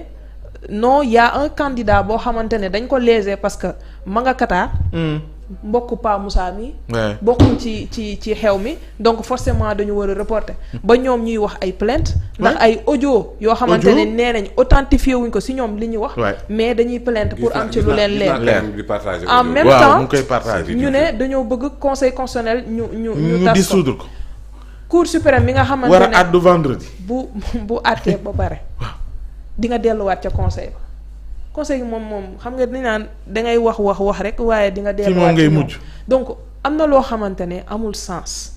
non y a un candidat boo xamante ne dañ ko léser parce que ma nga Qatar hmm. mbokk Pa Moussa bokkul ci ci ci xew mi donc forcément dañu war a reporter ba ñoom ñuy wax ay plainte ndax ay audio yoo xamante ne nee nañ authentifié wuñ ko si ñoom li ñu wax mais dañuy plainte pour am ci lu leen leer en même temps ñu ne dañoo bëgg conseil constitutionnel ñu ñu ñu tas ko cour suprême mi nga xamante ne war a àddu bu bu àttee ba pare. waaw di nga delluwaat ca conseil ba. conseil moom moom xam nga dañ naan dangay wax wax wax rek waaye di nga. delluwaat ci moom ngay mujj donc am na loo xamante ne amul sens.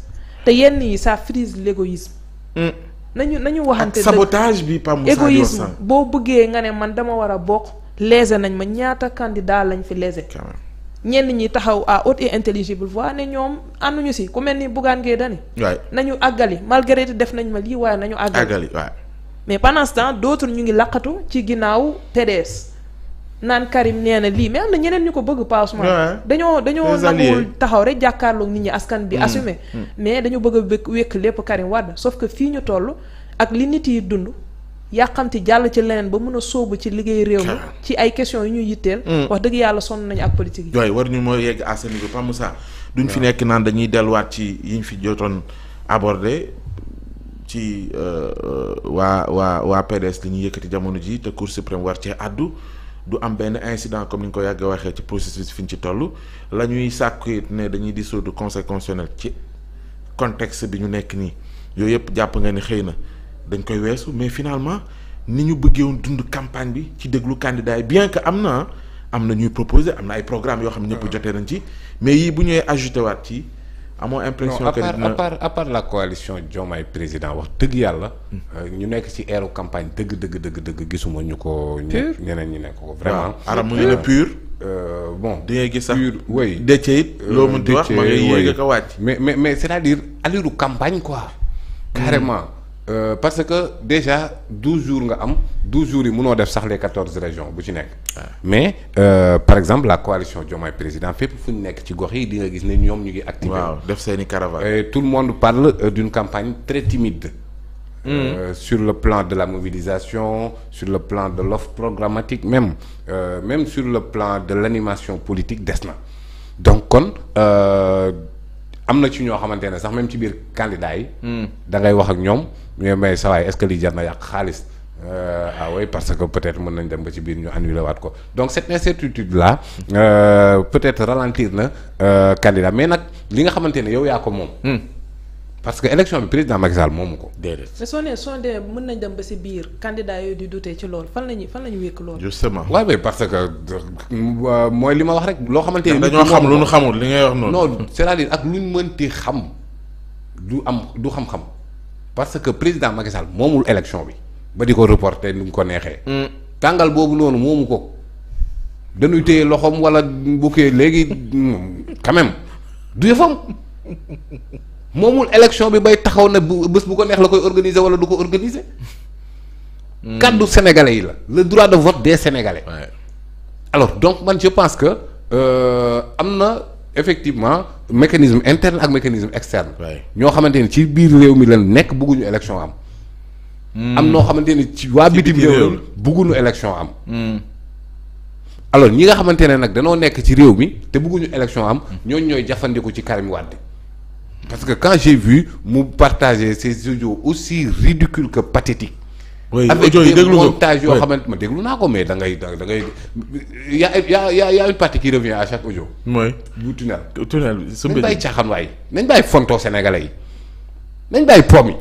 te yenn yi ça frise l'égoïsme mm. nañu nañu waxante sabotage bi Pape Moussa égoïsme boo bëggee nga ne man dama war a bokk léser nañ ma ñaata candidat lañ fi léser ñenn ñi taxaw à haute et intelligible voix ne ñoom ànduñu si ku mel ni Bougane Gueye nañu àggali malgré def nañ ma lii waaye nañu àggali mais pendant dootul ñu ngi laqatu ci ginnaaw PDS naan Karim nee na lii mais am na ñeneen ñu ko bëgg pas Ousmane dañoo dañoo nanguwul taxaw rek jàkkaarloog nit ñi askan bi mm. assumé mm. mais dañu bëgg a wékk lépp Karim Wade sauf que fii ñu toll ak li nit yi dund yàqamti jàll ci leneen ba mun a sóobu ci liggéey réew mi ci ay questions yu ñuy yitteel mm. wax dëgg yàlla sonn nañu ak politique yi jooy war ñu moo yegg à ce niveau Pa fi nekk naan dañuy delluwaat ci ñu fi jotoon abordé ci euh, euh, waa waa waa PDS li ñuy yëkkati jamono ji te Cour suprême war cee àddu du am benn incident comme ni ñu ko yàgg waxee ci processus fi ñu ci toll la ñuy sàkku ne dañuy dissoudre conseil constitutionnel ci contexte bi ñu nekk nii yooyu yëpp jàpp nga ni xëy na dañ koy weesu mais finalement ni ñu bëggeewoon dund campagne bi ci déglu candidat yi bien que am na am na ñuy proposer am na ay programme yoo xam ne ñëpp jotee nañ ci mais yi bu ñëwee ajouté waat ci amoo impression que dina la coalition Diomaye président wax dëgg yàlla. Euh, ñu nekk ci eeru campagne dëgg dëgg dëgg gisuma ñu ko. ñeneen ñi nekk ko vraiment. aram mu ne pur. Euh, bon di ngay gis sax pur oui. dëcc it euh, loo mënti wax ma ngay yéeg a ko wàcc. mais mais mais c'est-à-dire allure campagne quoi. Mm. carrément. Euh, parce que déjà douze jours nga am douze jours yi mënoo def sax les quatorze régions bu ci nekk. mais euh, par exemple la coalition Diomaye président fépp fu ñu nekk ci gox yi di nga gis ni ñoom ñu ngi. activé waaw def seeni caravane. tout le monde parle euh, d'une campagne très timide. Mm. Euh, sur le plan de la mobilisation sur le plan de l'offre programmatique même euh, même sur le plan de l'animation politique des na donc kon. am na ci ñoo xamante ne sax même ci biir candidat yi. Mm. da ngay wax ak ñoom. mais ne may sawaay est-ce que li jar na yàq xaalis euh, ah oui parce que peut-être mën nañ dem ba ci biir ñu annulé waat ko donc cette incertitude là euh, peut-être ralentir na euh, candidat mais nag li nga xamante ne yow yaa ko moom. Hmm. parce que élection bi président Macky Sall moomu ko. déedéet mais soo nee soo demee mën nañ dem ba si biir candidat yooyu di dutee ci loolu fan la ñuy fan la ñuy wékk loolu. justement waaw mais parce que euh, mooy li ma wax rek. loo xamante ni dañoo xam lu ñu xamul li ngay wax noonu. non c'est-à-dire ak lu ñu mënti xam du am du xam parce que président Macky moomul élection bi ba di ko reporter ni mu ko neexee. Mm. tàngal boobu noonu moomu ko. dañuy téye loxoom wala bukkee léegi quand même du yëfam moomul élection bi bay taxaw na bu bés bu ko neex la koy organiser wala du ko organiser. Mm. kàddu sénégalais yi la le droit de vote des sénégalais. Ouais. donc man je pense que euh, am na. effectivement mécanisme interne ak mécanisme externe. ñoo xamante ni ci biir réew mi lan nekk bëgguñu élection am. Hmm. am noo xamante ni ci waa bitim réew bëgguñu élection am. Hmm. alors ñi nga xamante ne nag danoo nekk ci réew mi te bëgguñu élection am hmm. ñooñu ñooy jafandiku ci Karim bi parce que quand j'ai vu mu partager ces audios aussi ridicules que pathétiques oui audio yi déglu nga montage yoo xamante ma déglu naa ko mais da ngay da ngay y' a y' a y' a une partie qui revient à chaque audio. mooy bu tunnel. tunnel bi sëñ bi nañ bàyyi caaxaan waay nañ bàyyi fonto sénégalais yi nañ bàyyi pom yi.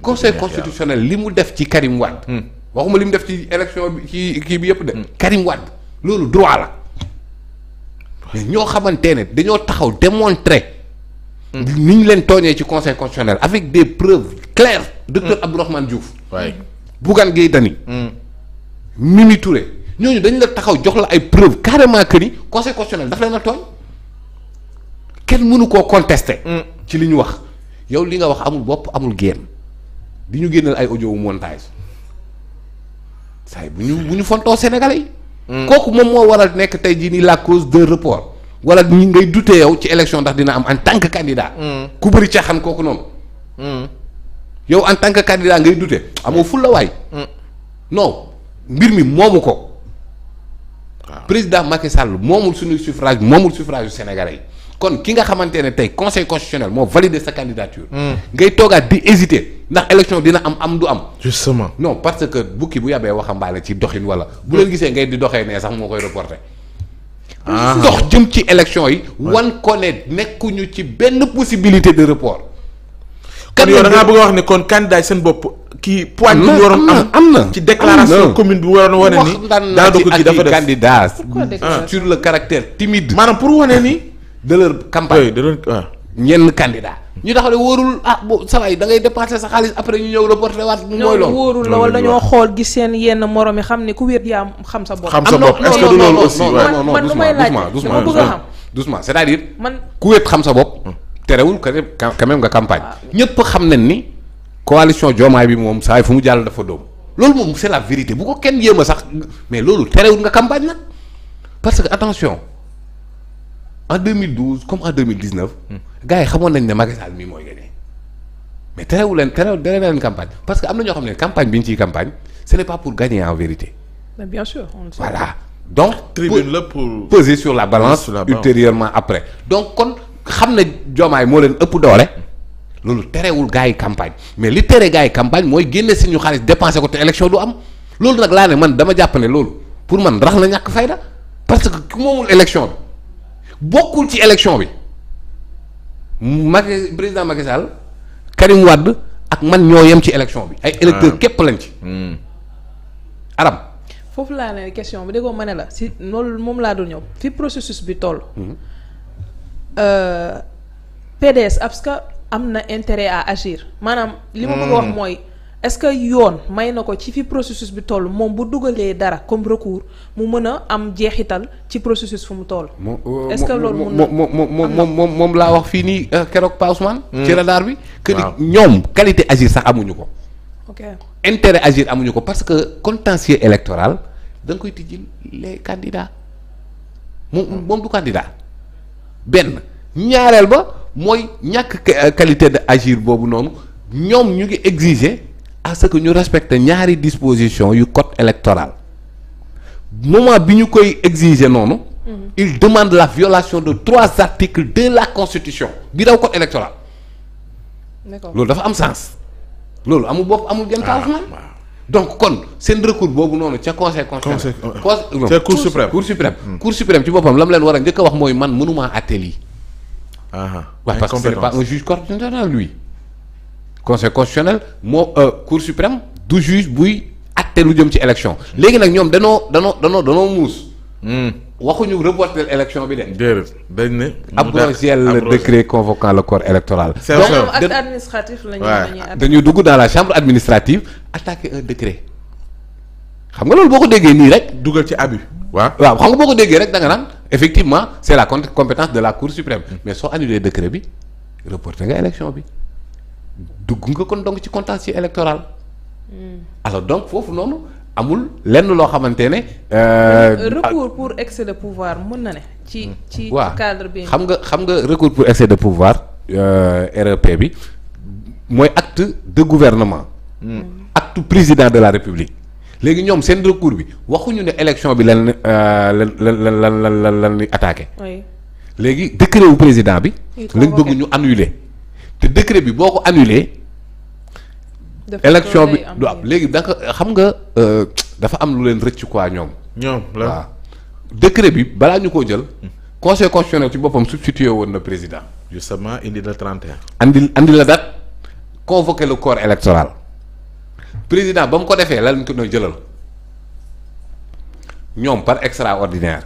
conseil constitutionnel li mu def ci Karim Wade. Hmm. waxuma li mu def ci élection bi ci kii bi yëpp de. Hmm. Karim Wade loolu droit la. mais ñoo xamante ne dañoo taxaw démontrer. Hmm. ni ñu leen tooñee ci conseil constitutionnel avec des preuves claires. docteur Abdourahmane Diouf. waay Bougane Gueye Dany. Mm. Mimi Touré ñooñu dañu la taxaw jox la ay preuve carrément que ni conseil constitutionnel daf leen a tooñ kenn mënu koo contester. Mm. ci li ñu wax yow li nga wax amul bopp amul génn di ñu génnal ay audio montage saa bu ñu bu ñu fontoo Sénégalais yi. Mm. kooku moom moo war a nekk tey jii nii la cause de report. wala ñi ngay douter yow ci élection ndax dina am en tant que candidat. ku bëri xam kooku noonu. yow en tant que candidat ngay dute amoo ful la waay. Mm. non mbir mi moomu ko. président Macky Sall moomul suñu suffrage moomul suffrage yu Sénégalais yi kon ki nga xamante ne tey conseil constitutionnel moo validé sa candidature. Mm. ngay toogaat di hésiter ndax élection dina am am du am. justement non parce que bukki bu yàbbee waxambaane ci doxin wala. bu leen gisee ngay di doxee nee sax moo koy reporté. ndox ah. jëm ci élection yi. wan ko ne nekkuñu ci benn possibilité de report. kon yow da ngaa bëgg a wax ne kon candidat yi seen bopp kii poids bi am na ci déclaration commune bi waroon wane ni daa dugg ci dafa def candidat ah. sur le caractère timide maanaam pour wane ni de leur campagne de leur waaw ah. ñenn candidat ñu taxaw ne wóorul ah bu saa yi da ngay dépenser sa xaalis après ñu ñëw reporté waat mooy loolu wóorul la wala dañoo xool gis seen yenn morom yi xam ne ku wér yaa xam sa bopp xam sa bopp man lu may laaj dama bëgg a xam doucement cest man xam sa bopp hmm. terewul quand même nga campagne. ñëpp xam nañ ni. coalition Diomaye bi moom saa fu mu jàll dafa dóom loolu moom c'est la vérité bu ko kenn yéem a sax mais loolu terewul nga campagne nag parce que attention en 2012 comme en 2019. Hmm. gars yi xamoon nañ ne Macky Sall mii mooy gagné mais terewul leen terewul tere na leen campagne parce que am na ñoo xam ne campagne bi ñu ciy campagne ce n'est pas pour gagner en vérité. mais donc. tribune la pour peser sur la balance. ultérieurement xam ne jomaay moo leen ëpp doole loolu terewul gars yi campagne mais li tere gars yi campagne mooy génne si ñu xaalis dépensé ko te élection du am loolu nag laa ne man dama jàpp ne loolu pour man rax la ñàkk fayda parce que ku moomul élection bi bokkul ci élection bi Macky président Macky Sall Karim Wade ak man ñoo yem ci élection bi. ay ah. électeurs képp lañ ci. Hmm. arab foofu laa ne question bi déggoo ma ne la si loolu moom laa doon ñëw fi processus bi toll. Hmm. Euh, PDS parce que am na intérêt à agir maanaam. li ma bëgg wax hmm. mooy. est-ce que yoon may na ko ci fi processus bi toll moom bu dugalee dara comme recours mu mën a am jeexital ci processus fu mu toll. Euh, est-ce que loolu moom moom laa wax fii nii euh, keroog Pa Ousmane. ci hmm. radar bi. que ñoom qualité agir sax amuñu ko. ok intérêt agir amuñu ko parce que contentieux électoral da koy tijjil les candidats moom du candidat. benn ñaareel ba mooy ñàkk euh, qualité de agir boobu noonu ñoom ñu ngi exiger à ce que ñu respecte ñaari disposition yu code électoral moment bi ñu koy exiger noonu mhm. il demande la violation de trois articles de la constitution bi daw code électoral loolu dafa am sens loolu amul bopp amul genn ah, taal donc kon seen recours boobu noonu ca conseil constitutionnel. conseil cour suprême cour suprême. Mm. cour suprême ci boppam la mu leen war a njëkk a wax mooy man mënumaa àtte lii. waa ah, ah. parce que c'est pas un juge constitutionnel lui. conseil constitutionnel moo euh, cour suprême du juge buy àtte lu jëm ci élection. léegi nag ñoom danoo danoo danoo danoo muus. Hmm. waxuñu reporter élection bi de. déedéet dañ ne. abrogé le décret convoquant électoral. c'est donc acte dañuy dugg dans la chambre administrative attaquer un décret xam nga loolu boo ko déggee nii rek. dugal ci abus. waaw waaw xam nga boo ko déggee rek da nga naan effectivement c'est la compétence de la cour suprême hmm. mais soo annulé décret bi reporter nga élection bi dugg nga kon donc ci contentieux électoral. Hmm. alors donc foofu noonu. amul lenn loo xamante ne. Euh, euh, recours pour excès de pouvoir mën na ne. ci ci cadre bi. xam nga xam nga recours pour excès de pouvoir euh, REP bi mooy acte de gouvernement. Hmm. actu président de la république. léegi ñoom seen recours bi waxuñu ne élection bi lan lan lan lan lan lan lan ñuy attaqué. léegi décret wu président bi. lañ bëgg ñu annuler te décret bi boo ko annuler élection bi du am léegi da xam nga euh, dafa am lu leen rëcc quoi ñoom. ñoom la waaw décret bi balaa ñu koo jël. conseil constitutionnel ci boppam substitué woon na président. justement indi la 31. andi andi la date convoqué corps électoral président ba mu ko defee lan ko doon jëlal ñoom par extraordinaire.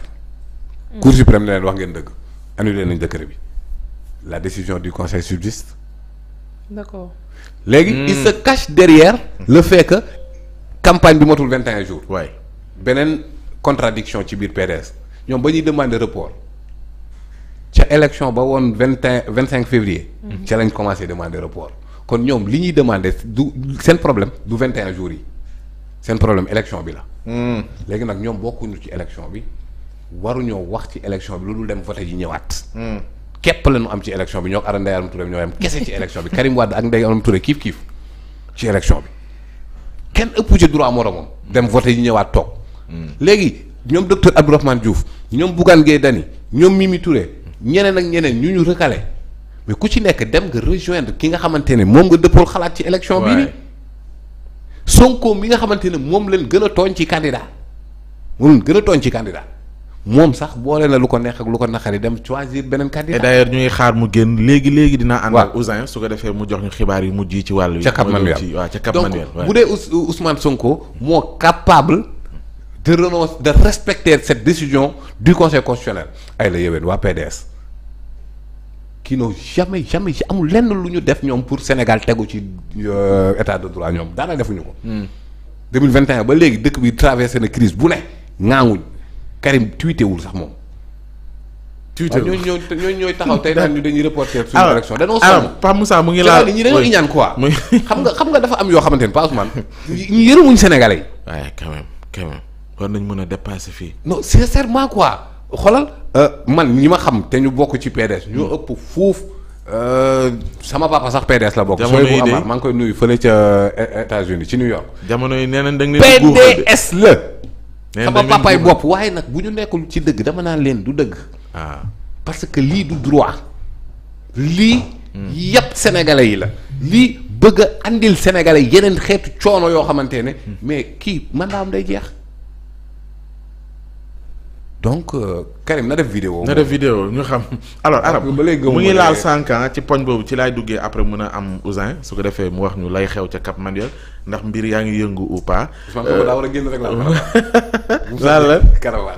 Mm. cour suprême la leen wax ngeen dëgg annulé nañ décret bi la décision du conseil subsiste. d'accord. léegi il hmm. se cache derrière le fait que campagne bi matul vingt et jours waay beneen contradiction ci biir PDS ñoom ba ñuy demander report ca élection ba woon vingt et vingt cinq février hmm. ca lañ commencé demande report kon ñoom li ñuy demander du seen problème du vingt et un yi seen problème élection bi la hmm. léegi nag ñoom bokkuñu ci élection bi waruñoo wax ci élection bi lu dul dem voté yi ñëwaat képp la ñu am ci élection bi ñoo ko Aada Ndeye Arame Touré ñoo yam kese ci élection bi Karim Wade ak Ndeye Arame Touré kiif kiif ci élection bi kenn ëpp ci droit moromam dem voté yi ñëwaat toog hmm. léegi ñoom docteur Abdourahmane Diouf ñoom Bougane Gueye Dany ñoom mi Touré ñeneen ak ñeneen ñu ñu recalé mais ku ci nekk dem nga rejoindre ki nga xamante ne moom nga dëppool xalaat ci élection bii nii Sonko mi nga xamante ne moom leen gën a tooñ ci candidat moom leen gën a tooñ ci candidat moom sax boole na lu ko neex ak lu ko naqari dem choisir beneen candidat. et d'ailleurs ñuy xaar mu génn léegi léegi dina ànd ak Ousin su ko defee mu jox ñu xibaar yi mujj ci wàll. ca Cap Manuel waaw ca Cap Manuel donc Sonko moo capable de renoncer de respecter cette décision du conseil constitutionnel ay la yowin waa PDS. qui n'ont jamais jamais amul lenn lu ñu def ñoom pour Sénégal tegu ci euh, état de droit ñoom daanaka defuñu ko. 2021 hmm. ba léegi dëkk bi traversé na crise bu ne ŋaawuñ. Karim tweeté wul sax moom. tuuti ñooñu ñooñu ñooñu ñooy taxaw tey naan ñu dañuy reporter suñu élection dañoo sonn alors Pape Moussa mu ngi laal ñi dañoo iñaan quoi xam nga xam nga dafa am yoo xamante ne Pape Ousmane ñu yërëmuñ sénégalais yi waaye quand même quand nañ mën a dépasser fii non sincèrement quoi xoolal euh, man ñi ma xam te ñu bokk ci PDS ñu hmm. ëpp foofu euh, sama papa sax PDS la bokk sooy maa ngi koy nuyu fële ca euh, États-Unis ci New jamono yi nee nañ da nga leen PDS la xam nga bopp waaye nag bu ñu nekkul ci dëgg dama naan leen du dëgg. Ah. parce que lii du droit lii. Hmm. yëpp sénégalais yi la. lii bëgg a andil sénégalais yeneen xeetu coono yoo xamante ne. Hmm. mais kii am day jeex donc. Euh, Karim na def vidéo na def vidéo ñu xam alors arab mu ngi laal sànq ah, ci poñ boobu ci laay duggee après mën a am ousin su ko defee mu wax ñu lay xew ca Cap Manuel ndax mbir yaa ngi yëngu ou pas. daa a euh, la caravane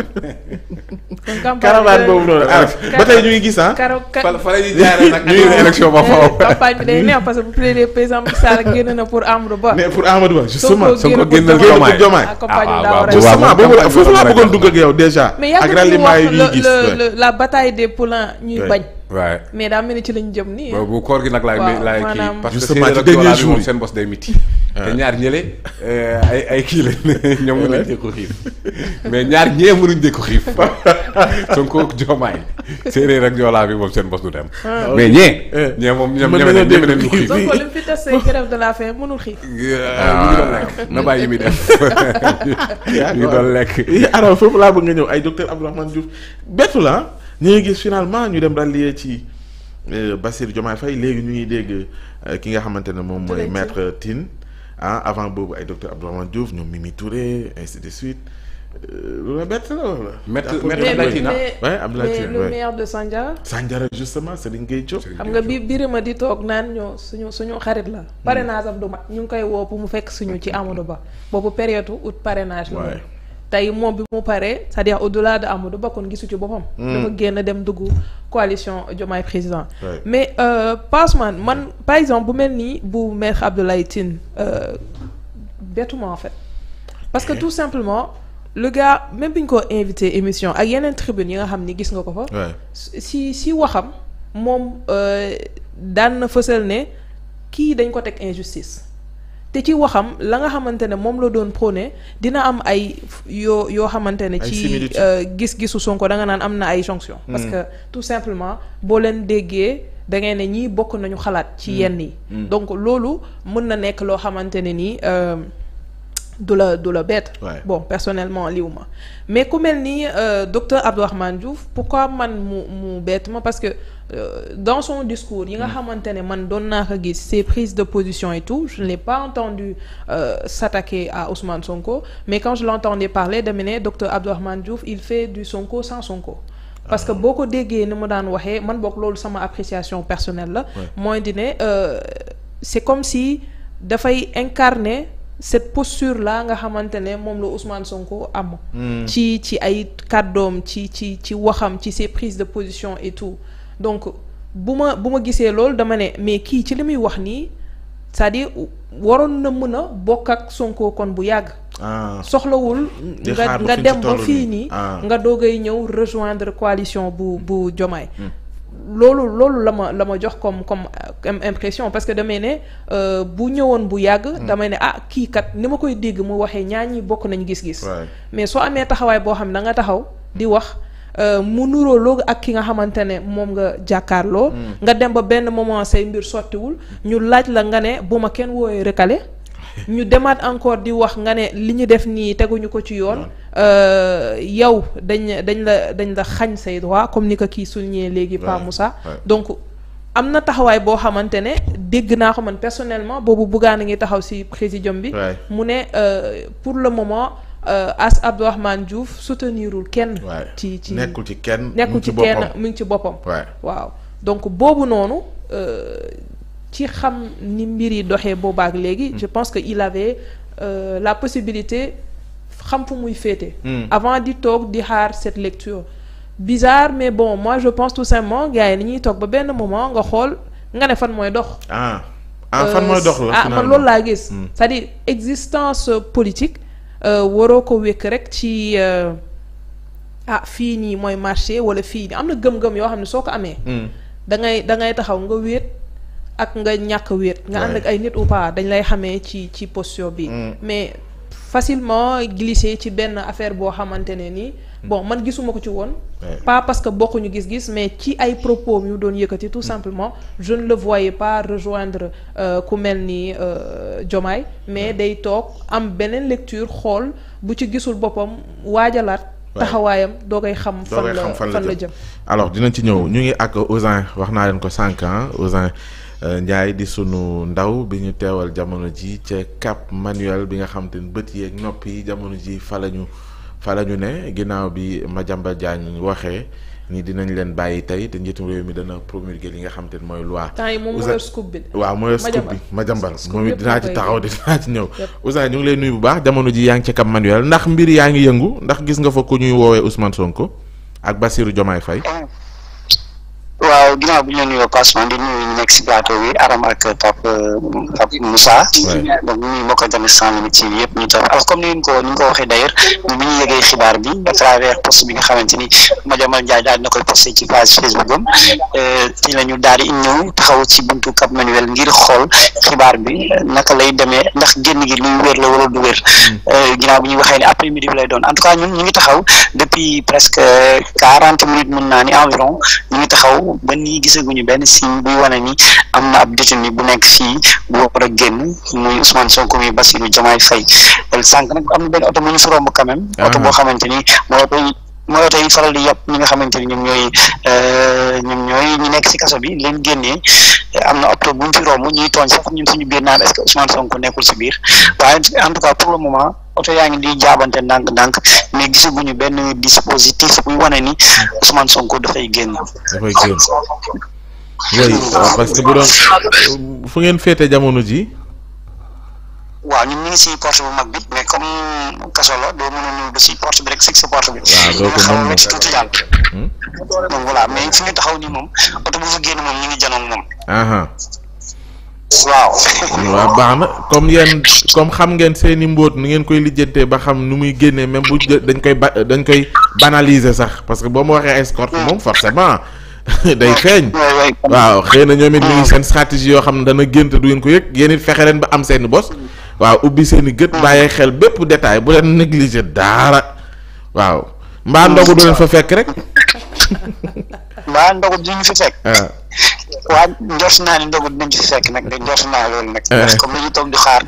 caravane boobu noonu arab ba tey ñu gis ah. fa fa la ñuy jaaree nag. ñu ngi élection ba faaw. campagne parce que bu plaider président Macky génn na pour Amadou Ba. mais pour Amadou Ba justement. soo ko génnal Diomaye soo ko génnal Diomaye. ah, ah waaw waaw waaw waaw foofu laa bëggoon dugg ak yow déjà. ak ralliement yi la bataille de poulains ñuy bañ. waay mais daa mel ni ci lañ jëm nii. bu koor gi nag laay laay kii parce que seen émission moom seen bos day miti. te ñaar ñële euh, ay ay kii la ñoom mënuñ dëkku xiif mais ñaar ñee mënuñ dëkku xiif. Sonko ak Diomaye séeréer ak joolaa bi moom seen bos du dem. Ah, mais ñee. Eh. ñee moom ñoom ñeme nañ ñeme nañ xiif. Sonko li la faim mënul xiif. ñu yi muy def. ñu ngi doon lekk. alors foofu laa bëgg nga ñëw ay docteur Abdourahmane Diouf bettu la ñu ngi gis finalement ñu dem rallier ci euh, Bassirou Diomaye fay léegi ñu ngi dégg euh, ki nga xamante ne moom mooy maître Tine ah avant boobu ay docteur Abdourahmane Diouf ñoom Mimi Touré ainsi de suite. Euh, la bett la wala. maître Abdoulaye Tina ah. mais mais le maire de Sandiara. Sandiara justement Serigne Gueye Diop. xam nga bi Birima di toog naan ñoo suñu suñu xarit la. Hmm. parrainage am du mat ñu ngi koy woo pour mu fekk suñu ci hmm. Amadou Ba boobu période août parrainage la tey moom bi mu paree c'est-à-dire au-delà de Amadou Ba kon gisu ci boppam. Hmm. dafa génn dem dugg coalition Diomaye président. mais euh, Passeman man par exemple bu mel nii bu maître Abdoulaye Tine euh, bettuma en fait. parce que tout simplement. le gars même bi ñu ko invité émission ak yeneen tribune yi nga xam ni gis nga ko fa. si si waxam moom euh, daan na fësal ne kii dañ ko teg injustice. te ci waxam la nga xamante ne moom la doon prôné dina am ay yoo yoo xamante ne ci euh, gis-gisu Sonko da nga naan am na ay jonction parce mm. que tout simplement boo leen déggee da ngay ne ñii bokk nañu xalaat ci mm. yenn yi mm. donc loolu mën na nekk loo xamante ne nii euh, du la du la bett. bon personnellement liw ma mais ku mel ni euh, docteur Abdourahmane Diouf pourquoi man mu mu bett ma parce que euh, dans son discours yi nga mm. xamante ne man doon naa ko gis ses prises de position yi tout je ne l'ai pas entendu euh, s'attaquer à Ousmane Sonko mais quand je l'entendais parler dama ne docteur Abdourahmane Diouf il fait du Sonko sans Sonko. parce que ah. boo ko déggee ni mu daan waxee man bokk loolu sama appréciation personnelle la. mooy di euh, c'est cette posture laa nga xamante ne moom la Ousmane Sonko am. Hmm. ci ci ay kàddoom ci ci ci waxam ci ses prise de position et tout donc bu ma bu ma gisee loolu dama ne mais kii ci li muy wax nii cest di waroon na mën a bokk ak Sonko kon bu yàgg. Ah. soxlawul. nga nga dem ba fii nii. Ah. nga ay ñëw rejoindre coalition bu bu Jomaay. Hmm. loolu loolu la ma la ma jox comme comme euh, impression parce que damay ne euh, bu ñëwoon bu yàgg. Hmm. damay ne ah kii kat ni ma koy dégg mu waxee ñaar ñi bokk nañ gis-gis. mais soo amee taxawaay boo xam ne da nga taxaw di wax. Uh, mu nuroo loogu ak ki nga xamante ne moom nga jàkkaarloo. Hmm. nga dem ba benn moment say mbir sottiwul ñu laaj la nga ne bu ma kenn wooyee recalé ñu demaat encore di wax nga ne li ñu def nii teguñu ko ci yoon. Euh, yow dañ dañ la dañ la xañ say droit comme ni ko kii souligné léegi Pa Moussa donc am na taxawaay boo xamante ne dégg naa ko man personnellement boobu Bougane a ngi taxaw ci présidium bi mu ne euh, pour le moment euh, As Abdourahmane Diouf soutenirul kenn ci ci nekkul ci kenn nekkul ci kenn mu ngi ci boppam waaw donc boobu noonu ci xam ni mbir yi doxee boobaak léegi hmm. je pense que il avait la possibilité xam fu muy féete. Hmm. avant di toog di xaar cette lecture. bizarre mais bon mois je pense tout simplement gars yi dañuy toog ba benn moment nga xool nga ne fan mooy dox. ah ah fan mooy euh, dox la. Ah, man loolu laa gis. Hmm. c'est-à-dire existence euh, politique euh, waroo ko wékk rek ci ah fii nii mooy marché wala fii nii am na gëm-gëm yoo xam ne soo ko amee. Hmm. da ngay da ngay taxaw nga wéet. ak nga ñàkk wéet nga ànd ak ay nit ou pas dañ lay xamee ci ci posture bi mais facilement glissé ci benn affaire boo xamante ne nii bon man gisuma ko ci woon pas parce que bokkuñu gis-gis mais ci ay propos yu doon yëkkati tout simplement jeune ne le voyais pas rejoindre euh, ku mel ni jomaay euh, mais day toog am beneen lecture xool bu ci gisul boppam waajalaat taxawaayam doo koy xam fan la fan la jëm alors dinañ ci ñëw ñu ngi ak Ozan wax naa leen ko cinq ans ah, Ozan Euh, Ndiaye di suñu ndaw bi ñu teewal jamono ji ca Cap Manuel bi nga xam te bët yi ak nopp yi jamono ji fa la ñu ñu ne ginnaaw bi Madiambal ñu waxee ni dinañ leen bàyyi tey te njiitum réew mi dana promulguer yi nga xam te mooy loi. temps yi moom bi. waaw moo yor scoop bi Madiambal moom it dinaa ci taxaw dinaa ci ñëw. Ousa ñu ngi lay nuyu bu baax jamono ji yaa ngi ca Cap Manuel ndax mbir yaa ngi yëngu ndax gis nga fa ku ñuy woowee Ousmane Sonko ak Bassirou Diomaye Faye waaw ginnaaw bi ñu leen nuyoo passement di nuyu ñu nekk si plateau bi Aram euh, ci yëpp ñu toog comme ni ngeen ko ko waxee d' ñu bi ñu xibaar bi à travers post bi nga xamante ni Madiambal Diagne daal na koy posté ci page Facebook am euh, ci la ñu daal di ñëw taxaw ci buntu Cap Manuel ngir xool xibaar bi naka lay demee ndax génn gi luy wér la wala du wér mm. euh, ginnaaw bi ñuy waxee ne après midi bi lay doon en tout cas ñun ñu ngi taxaw depuis presque quarante minutes mën naa ni environ ñu ngi taxaw. ba nii gisaguñu benn signe bu wane ni am na ab détenu bu nekk fii bu war a génn muy Ousmane Sonko muy Bassirou Diomaye Faye sànq nag am na benn oto bu ñu fi romb quand même ah. boo xamante ni mooy oto yi mooy oto yi faral yàpp ñi nga xamante ni ñoom ñooy euh, ñoom ñooy ñu nekk si kaso bi leen génnee am na oto bu ñu fi romb ñuy tooñ sax ñun suñu biir naan est-ce nekkul si biir waaye en tout cas pour le moment oto yaa ngi di jaabante ndànk-ndànk mais gisaguñu benn dispositif buy wane ni Ousmane Sonko dafay génn. dafay génn oui parce que bu doon fu ngeen féete jamono ji. waaw ñun ñu ngi si porte bu mag bi mais comme si porte bi rek fixe porte bi. waaw doo ko mën ci tuuti daal. Hmm? donc taxaw nii moom oto bu fa génn moom ñu ngi janoog moom. waaw. waaw na comme yéen comme xam ngeen seeni mbóot nu ngeen koy lijjantee ba xam ni muy génnee même bu dañ koy ba dañ koy banaliser sax parce que boo ma waxee escorte moom forcément day feeñ. waaw xëy na ñoom it ngi seen stratégie yoo xam ne dana gént du ngeen ko yëg yéen it fexe leen ba am seeni bos. waaw ubbi seeni gët. bàyyee xel bépp détail bu leen négliger daara. waaw mbaa ndogu du leen fa fekk rek. mbaa ndogu du ñu fi waaw njort naa ne ndogu nañ ci fekk nag de eh. njort naa loolu nag. comme ni ñu toog di xaar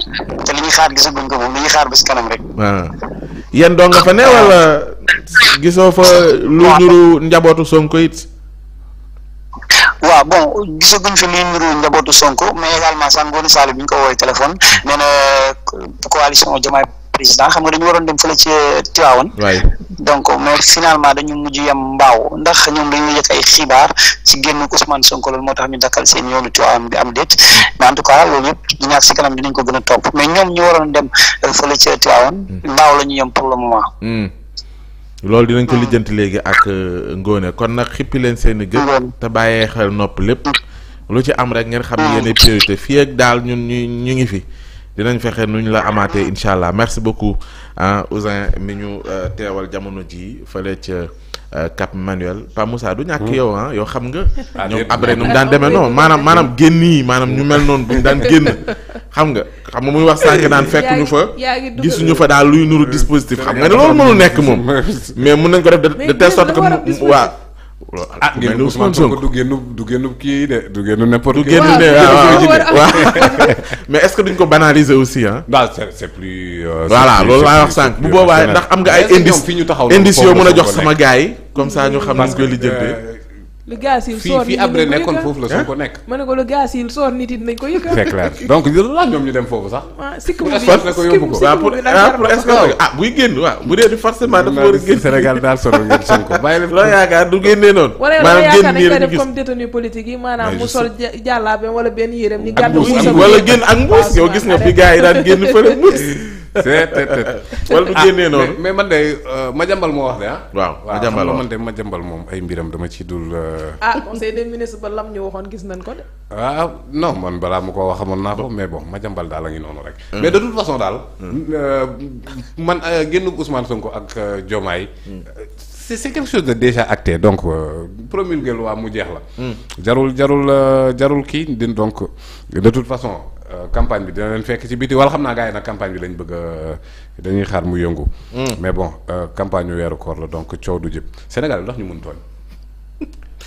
te li ñuy xaar gisaguñ ko moom li ñuy xaar bis kanam rek. yéen doo nga fa ne wala gisoo fa. lu nuru njabootu Sonko it. waaw bon gisaguñ fi luy nuru njabootu Sonko mais également sànq Ngoone Sall bi ñu ko woowee téléphone nee na coalition Diomaye président xam nga dañu waroon dem fële ci Tivaouane. donc mais finalement dañu mujj yem mbaaw ndax ñoom dañu yëg ay xibaar ci génn Ousmane Sonko loolu moo tax ñu dakkal seen yoonu Tivaouane bi am déet mais en loolu yëpp di ñaar si kanam dinañ ko gën a topp mais ñoom ñu waroon dem fële ci Tivaouane. Hmm. mbaaw la ñu yem pour le moment. Hmm. loolu dinañ ko hmm. lijjanti léegi ak euh, Ngone kon nag xippi leen seen i gët. te bàyyee xel nopp lépp. lu ci am rek ngeen xam ne dinañ fexe ñu la amaate incha allah merci beaucoup ah Ousin mi ñu euh, teewal jamono ji fële ca euh, Cap Manuel Pa Moussa du ñàkk hmm. yow ah yow xam nga. Ah, ñoom après nu mu daan deme non maanaam maanaam génn yi maanaam ñu mel noonu bu daan génn xam nga xam nga muy wax sànq daan fekk ñu fa. gisuñu fa daal luy nuru dispositif. xam nga ne loolu mënul nekk moom. mais mun nañ ko def de telle sorte que mu waa. ah ngeen di du génn du génn kii de du génn n'importe ah, kii. waaw ah, de ah, mais est-ce que duñ ko banaliser aussi ah. waaw c'est c'est plus. Euh, voilà loolu laa wax sànq bu boobaa ndax am nga ay. indice fi ñu mën a jox sama gars comme ça ñu xam ni ñu koy lijjantee. Euh, lu gaz yi la soo ko ko lu gaz yi soor nit it nañ ko yëg. c'est clair donc la ñoom ñu dem foofu sax. ah sikkimu bi sikkimu pour ah, escorte ah buy génn waaw bu dee du forcément dafa war a génn Sénégal noonu. maanaam génn nii maanaam génn ak mbuus yow gis nga fi gars yi daan génn fële mbuus wala du ah, génnee mais man de euh, ma jàmbal moo wax de ah. waaw ma jàmbal ma jàmbal moom ay dama ci dul. Euh, ah ñu waxoon gis nañ ko de. ah balaa mu ko waxamoon naa mais bon ma jàmbal daal noonu rek. Mm. mais de toute mm. euh, man génn Ousmane Sonko ak Diomaye. Mm. c'est c'est quelque chose de déjà acté donc promulgué loi mu jeex la. jarul jarul jarul kii donc de toute façon. Euh, campagne bi dina leen fekk ci biti wala xam naa gars yi nag campagne bi lañ bëgg dañuy xaar mu yëngu. Mm. mais bon euh, campagne yu weeru koor la donc coow du jëpp Sénégal ndox ñu mun tooñ.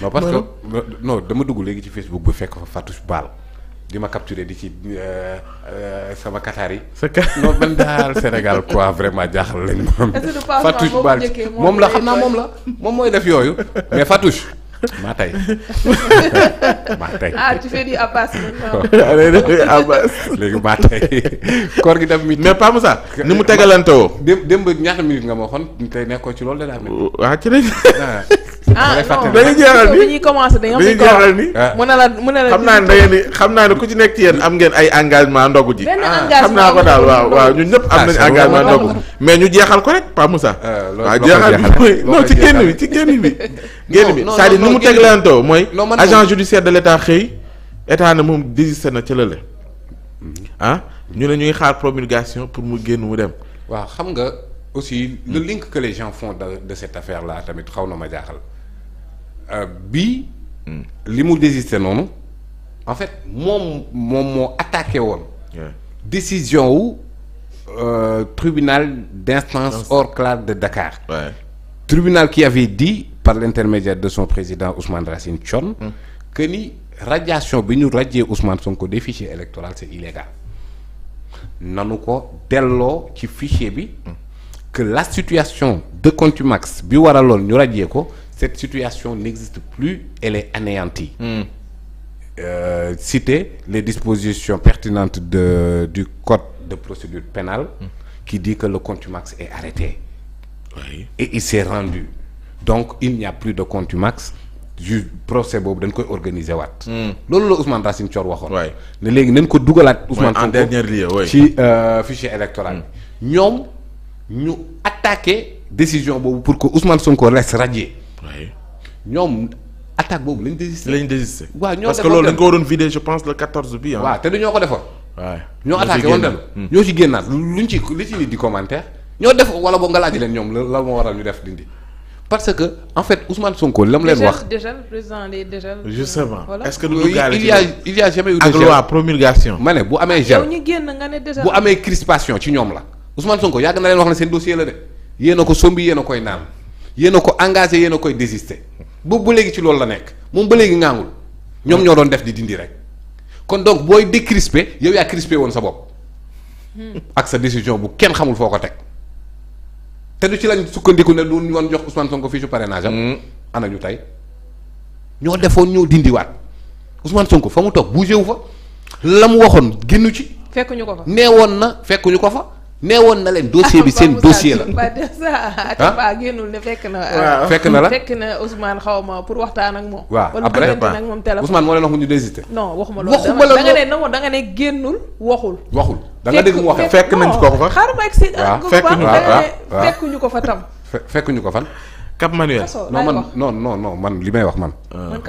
non parce que non dama dugg léegi ci Facebook bu fekk fa Fatou Baal di ma capturé di ci euh, sama Qatar yi. non Sénégal quoi vraiment jaaxal lañ moom. Fatou moom la xam naa moom la moom mooy def yooyu mais Fatou. maa tay maa tay ah tu fais du Abbas léegi maa koor gi dem mi mais Pa Moussa ni mu tegalantewoo démb démb ñaata minute nga ma waxoon tey nekkoo ci loolu da daa mel waa ci lañ ah. ah dañuy jeexal ni commencé dañoo dañuy jeexal ni. mu ne la mu ne la xam naa ne da xam naa ne ku ci nekk ci yéen am ngeen ay engagement ndogu ji. Ah, xam naa ko daal waaw waaw ñun ñëpp am nañu ah, engagement ndogu mais ñu jeexal ko rek Pa Moussa. waaw ah, jeexal bi mooy non ci génn bi ci génn bi. génn bi c'est-à-dire ni mu teglantoo mooy. agent judiciaire de l'État xëy état na moom désisté na ca lële. Mm-hmm. ñu ne ñuy xaar promulgation pour mu génn mu dem. waaw xam nga aussi le link que les gens font de cette affaire là tamit xaw na ma jaaxal Euh, bii li mu désisté noonu en fait moom moom moo attaqué woon décision wu euh, tribunal d'instance hors classe de Dakar ouais. tribunal qui avait dit par l'intermédiaire de son président Ousmane Racine Thion mm. que ni radiation bi ñu radier Ousmane Sonko des fichiers électoraux c'est illégal nanu ko delloo ci fichier bi que la situation de contumace bi waraloon ñu radier ko cette situation n'existe plus elle est anéantie mm. euh, citer les dispositions pertinentes de du code de procédure pénale mm. qui dit que le contumax est arrêté et il s'est rendu donc il n'y a plus de contumax ju procès boobu dañ koy organiser waat. Hmm. loolu la Ousmane Racine Thior waxoon. waay ne léegi nañ ko dugalaat. Ousmane Sonko en dernier lieu ci euh, fichier électoral bi. Hmm. ñoom ñu attaqué décision boobu pour que usman Ousmane Sonko reste radié. waaye ñoom attaque boobu lañ désisté. lañ désisté waaw ñoo parce que loolu dañ ko je pense le 14 te du ñoo ko defoon. waaw ñoo attaqué woon dem hmm. ñoo ci génnaat luñ ci li ci nit di commentaire ñoo def wala boo nga laaj leen ñoom la moo waral ñu def dindi parce que en fait Ousmane Sonko la mu leen wax. déjà déjà président les déjà. justement jamais eu de ak loi promulgation. ma ne bu amee ah, gel nga ne déjà bu amee crispation ci ñoom la Ousmane Sonko yàgg na leen wax na seen dossier la de yéen a ko sombi yéen a koy naan yéen ko engagé yéen a koy désister bu léegi ci loolu la nekk moom ba léegi ngaangul ñoom ñoo doon def di dindi rek kon donc booy décrisper yow yaa crispé woon sa bopp ak sa décision bu kenn xamul foo ko teg te du ci lañ sukkandiku ne du ñu woon jox Ousmane Sonko fii ci parrainage am mm. ana ñu tey ñoo defoon ñoo dindiwaat Ousmane Sonko fa mu toog bougé wu fa la mu waxoon génnu ci. fekkuñu ko fa woon na fekkuñu ko fa. nee woon na leen dossier bi seen dossier la. ah génnul ne fekk na. Euh, waaw fekk na la fekk na Ousmane xaw ma pour waxtaan ak moom. waaw après nag moom téléphone Ousmane moo leen wax ñu désisté. non waxuma loolu waxuma la da ne non da nga ne génnul waxul. waxul da nga wax fekk nañ ko fa. xaaral ma egg si fekkuñu ko fa tam. ñu ko fan. Cap Manuel non man non non non man li may wax man.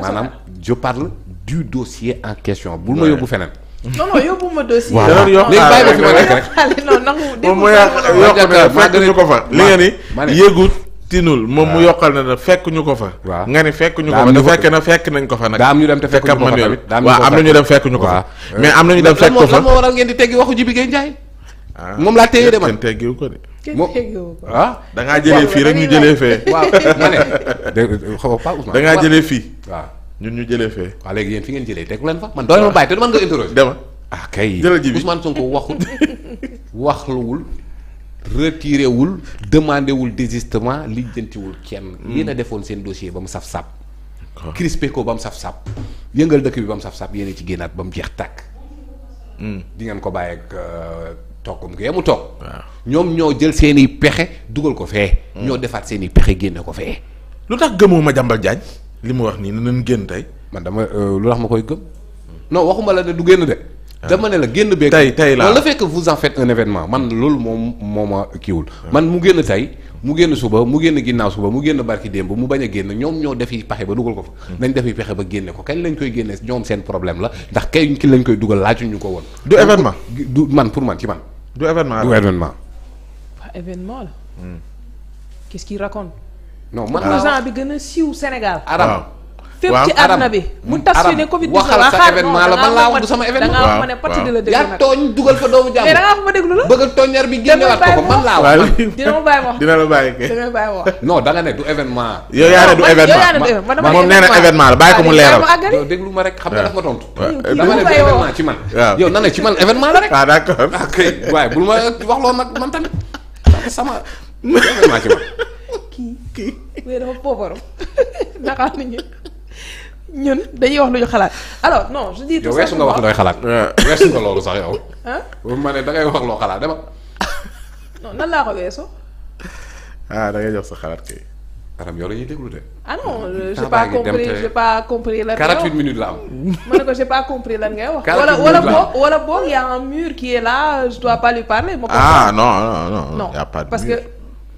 maanaam je parle du dossier en question bul ma yóbbu feneen non non yóbbu ma dossier. waaw léegi bàyyi ko fi ma nekk rek non nangu. moom mooy yokk na fekk ñu ko fa. li ngeen ni moom mu yokkal na ne fekk ñu ko fa. waaw nga ni fekk ñu ko fa te fekk na fekk nañ ko fa nag. daa am ñu dem te fekk ñu ko fa tamit waaw am na ñu dem fekk ñu ko fa. mais am na ñu dem fekk ko fa lan moo waral ngeen di teggi waxu Jibi Gueye Ndiaye. Ah. moom laa téye de man teggiwu ko de. Ah. ah da ngaa jëlee fii rek ñu jëlee fee. waaw ma xaw ma Pape jëlee fii. waaw ñun ñu jëlee fee. waaw léegi yéen fi ngeen jëlee tegu leen fa man doole ma bàyyi te mën nga interroger. dama ah kay. jërëjëf Ousmane Sonko waxul waxluwul retiré wul demandé wul désistement lijjantiwul kenn. Hmm. yéen a defoon seen dossier ba mu saf sap. crispé ko ba mu saf sap. yëngal dëkk bi ba mu saf sab yéen a ci génnaat ba mu jeex tàkk. Hmm. di ngeen ko bàyyeeg euh, toogum kee mu toog. ñoom ñoo jël seen i pexe dugal ko fee. Hmm. ñoo defaat seen i pexe génne ko fee. lu tax gëmoo ma jàmbal jaañ. li mu wax nii na leen génn tey. man dama euh, lu tax ma koy gëm. non waxuma la ne du génn de. Ah. dama ne la génn beeg. tey tey la la fekk vous en faites un événement man loolu moom moo ma kiiwul. Ah. man mu génn tey mu génn suba mu génn ginnaaw suba mu génn barki démb mu bañ a génn ñoom ñoo defi paxe ba dugal ko fa. Hmm. nañ yi pexe ba génne ko kañ lañ koy génne ñoom seen problème la ndax kay ki lañ koy dugal ñu ko woon. du événement du man pour man ci man. du événement du événement. événement non man arab ah. bi gën a siiw Sénégal. arab fépp ci àdduna bi. mu tas fi ne Covid 19 waxal ah, sa événement la man laa sama dugal fa doomu jàmm. mais ma déglu bëgg a tooñar bi génnewaat ko ko man laa wax. dina ma bàyyi ma wax dina la bàyyi kay dina ma bàyyi ma nee na événement la bàyyi ko mu leeral. yow déglu ma rek xam nga daf ma tontu. dama ne du événement ci man. waaw yow na ne ci man événement la ah, rek. waaw d'accord waaye bul ma wax loolu nag man tamit sama événement ci man kii kii mais dafa poobaru ndaxaar nañu ñun dañuy wax lu ñu xalaat alors non je dis. tout weesu nga wax looy xalaat. weesu nga loolu sax yow. bu ma ne da wax loo xalaat dama. non nan laa ko weesu. ah da ngay jox sa xalaat kay. maanaam yow la ñuy déglu de. ah non euh, j'ai pas compris j'ai pas compris lan. ngay wax. wala wala boog wala boog y a un mur qui là je dois pas lui parler. ma ah non non non. non a pas de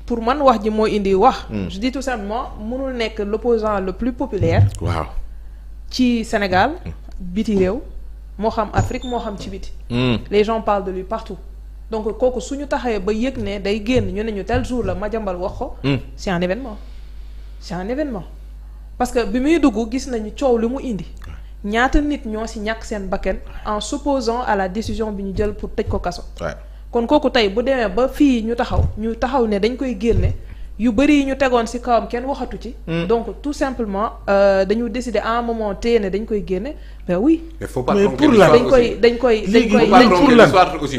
pour man wax ji moo indi wax. Hmm. je dis tout simplement mënul nekk l'opposant le plus populaire. waaw ci Sénégal. Hmm. biti réew moo xam Afrique moo xam ci biti. Hmm. les gens parlent de lui partout. donc kooku suñu taxawee ba yëg ne day génn ñu ne ñu tel jour la ma Madiambal wax ko. c'est un événement c'est un événement. parce que bi muy dugg gis nañu coow li mu indi. ñaata nit ñoo ci ñàkk seen bakken en s'opposant à la décision bi ñu jël pour tëj ko kaso. kon kooku tey bu demee ba fii ñu taxaw ñu taxaw ne dañ koy génne yu bëri yi ñu tegoon ci kawam kenn waxatu ci. Hmm. donc tout simplement euh, dañu décider à un moment téye ne dañ koy génne mais oui. mais faut pas dañ koy dañ koy dañ koy. léegi pour lan aussi.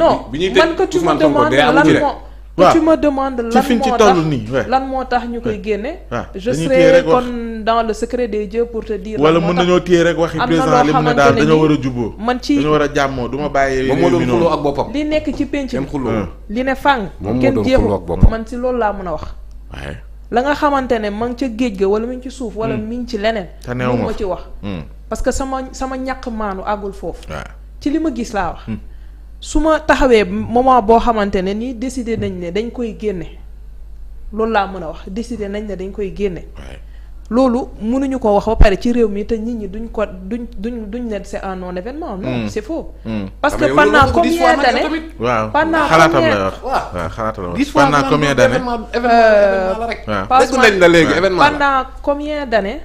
man que tu me demandes lan moo waaw tu me demandes lan moo tax lan moo tax ñu koy génne. je serai kon dans le secret des dieux pour te wala mën nañoo téye rek waxi président li mu ne daal dañoo a jubboo. man ci dañoo a jàmmoo du ma bàyyee. xuloo ak boppam li nekk ci penc bi hmm. li ne fang. kenn jeexu man si loolu laa mën a wax. la nga xamante ne ma ngi ca géej ga wala mi ngi ci suuf wala hmm. mi ngi ci leneen. te ma ci wax. Hmm. parce que sama sama ñàkk maanu àggul foofu. ci li ma gis laa wax. su ma taxawee moment boo xamante ne nii décidé nañ ne dañ koy génne loolu laa mën a wax décidé nañ ne dañ koy génne. loolu mënuñu ko wax ba pare ci réew mi te nit ñi duñ ko duñ duñ duñ ne c'est un non événement. Hmm. non c'est faux. Hmm. Ah, parce que pendant combien d'années waaw xalaatam la yor waaw xalaatam la yor pendant combien d'années Pape Ousmane pendant combien d'années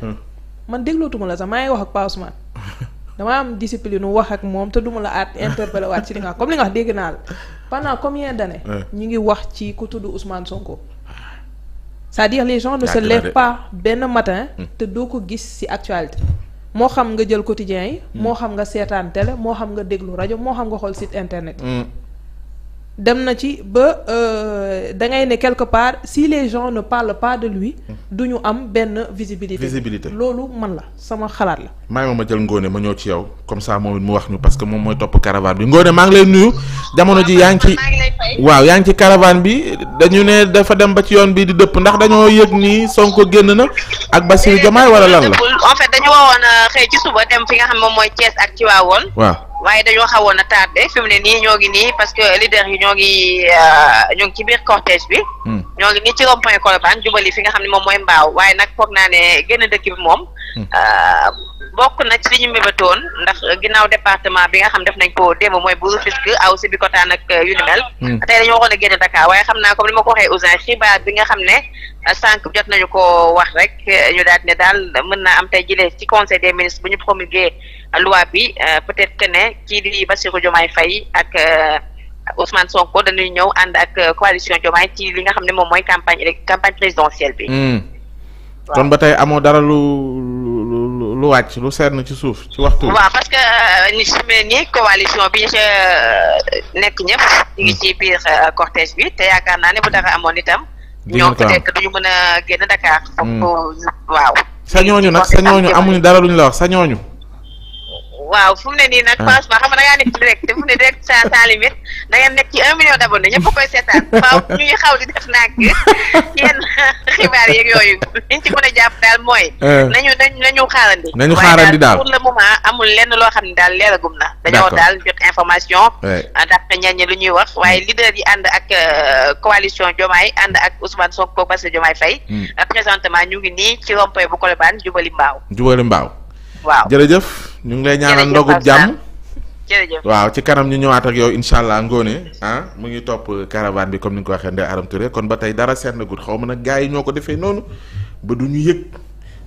man déglootuma la sax maa ngi wax damaa am discipline wax ak moom te duma la aat interpellé waat ci li nga comme li nga wax dégg naa la pendant combien d'années ñu ngi wax ci ku tudd Ousmane Sonko sa à dire les gens ne pas benn matin hmm. te doo ko gis ci actualité moo xam nga jël quotidien yi hmm. moo xam nga seetaan télé moo xam nga déglu rajo moo xam nga xool site internet hmm. dem na ci ba euh, da ngay ne quelque part si les na ne parlent pas de lui. Mm-hmm. du ñu am benn visibilité. visibilité loolu man la sama xalaat la. may ma ma jël Ngone ma ñëw ci yow comme ça moom it mu wax ñu parce que moom mooy topp caravane bi Ngone maa ngi lay nuyu. jamono ji yaa ngi ci waaw yaa ngi ci caravane bi dañu ne dafa dem ba ci yoon bi di dëpp ndax dañoo yëg ni Sonko génn na ak Bassirou Diomaye wala lan la. en fait dañu woowoon euh, xëy ci suba dem fi nga xam moom mooy Thiès ak ci waaye dañoo xawoon a tardé fi mu ne nii ñoo ngi nii parce que leader yi ñoo ngi euh, ñoo ci biir cortège bi. Hmm. ñoo ngi nii ci rond point Colobane jubali fi nga xam ne moom mooy mbaaw waaye nag foog naa ne génn dëkk bi moom. Hmm. Euh, bokk na ci li ñu mébatoon ndax ginnaaw département bi nga xam def nañ ko démb mooy bu Rufisque aw si bi kotaan ak euh, yu ni mel. Hmm. tey dañoo waxoon a génn Dakar waaye xam naa comme ni ma ko xee Ousin xibaar bi nga xam ne sànq jot nañu ko wax rek ñu daal ne daal mën naa am tey jëlee ci conseil des ministres bu ñu promulgué. loi bi euh, peut-être que ne kii di Bassirou Diomaye fay ak euh, Ousmane Sonko dañuy ñëw ànd ak euh, coalition Diomaye ci li nga xam ne moom mooy campagne campagne présidentielle bi. Hmm. kon ba tey amoo dara lu. lu wàcc lu seetlu ci suuf ci waxtu waaw parce que ni su mel nii coalition bi nekk ñëpp ñu ngi hmm. ci biir cortège bi te yaakaar naa ne bu dara amoon itam ñoo peut-être duñu mën a génn Dakar foofu hmm. waaw sa ñooñu nag sa ñooñu amuñu dara luñ la wax sa ñooñu waaw fu mu ne nii nag ah. franchement xam nga da ngaa nekk direct fu mu ne direct sans sans limite da nekk ci un million d'abonnés ñëpp koy seetaan waaw ñuy xaw di def nag yenn xibaar yooyu liñ ci mën a jàpp daal mooy eh. nañu nañu xaarandi nañu xaarandi daal pour le moment amul lenn loo xam ne daal leeragum na dañoo daal jot information ndax ñenn ñi lu ñuy wax waaye mm. leader yi ànd ak euh, coalition Diomaye ànd ak Ousmane Sonko parce que Diomaye Faye mm. présentement ñu ngi bu Colobane jubali mbaaw jubali ñu ngi lay ñaanal ndogub jàmm waaw ci kanam ñu ñëwaat ak yow incha allah ngoone ah mu ngi topp caravane bi comme ni nga ko waxee Ndeye Arame Touré kon ba tey dara seet na xaw ma nag gars yi ñoo ko defee noonu ba du ñu yëg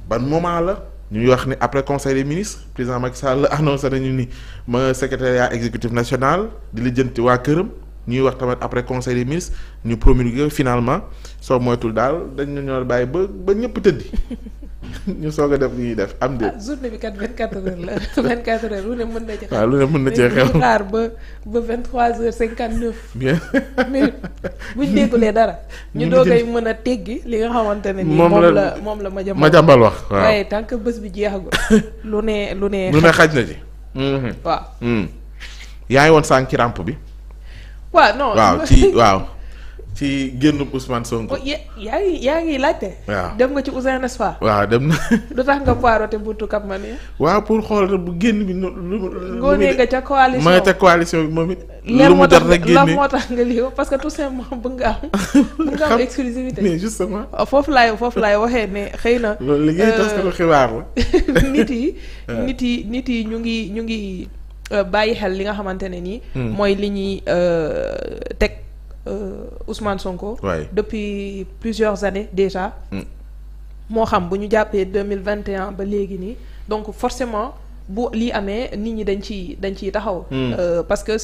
ban moment la ñu wax ni après conseil des ministres président Macky Sall annoncé nañu ni ma secrétariat exécutif national di lijjanti waa këram ñuy wax tamit après conseil des ministres ñu promulgué finalement soo moytul daal dañu ñu ñoo bàyyi ba ba ñëpp tëddi. ñu soog def li ñuy def am déet. ah journée bi kat vingt quatre heures la vingt quatre heures lu ne mën na ci. waaw ah, lu na cee xew dañuy ba ba vingt trois heures cinquante neuf. bien minute buñ déggulee dara. ñu doogay mën a teggi li nga xamante ne. moom la moom la ma jàmbal wax waaw waaye tant bés bi jeexagul. lu ne lu ne. xaj na ci. Mhm. waaw. Mhm. yaa ngi woon sànq ci ramp bi. waaw non waaw ci waaw. ci génnub Ousmane Sonko. Oh, yaa ngi yaa ngi laajte. waaw dem nga ci Ousin n'est-ce pas. waaw dem na. lu tax nga poireauté buntu Cap Manuel. waaw pour xool bu génn bi lu mu. ngoonee nga ca coalition ma ca coalition génne parce que tout simplement bëgg nga am. bëgg nga exclusivité justement. Ah, foofu laay foofu laay waxee ne xëy na. loolu liggéey taskatu euh, xibaar la. nit yi nit yi nit ngi ñu ngi euh, bàyyi xel li nga xamante ne nii. Hmm. mooy li ñuy euh, teg. Euh, Ousmane Sonko. Ouais. depuis plusieurs années déjà. Mm. moo xam bu ñu jàppee deux mille vingt et ba léegi nii donc forcément bu lii amee nit ñi dañ ci dañ ciy taxaw. Mm. Euh, parce que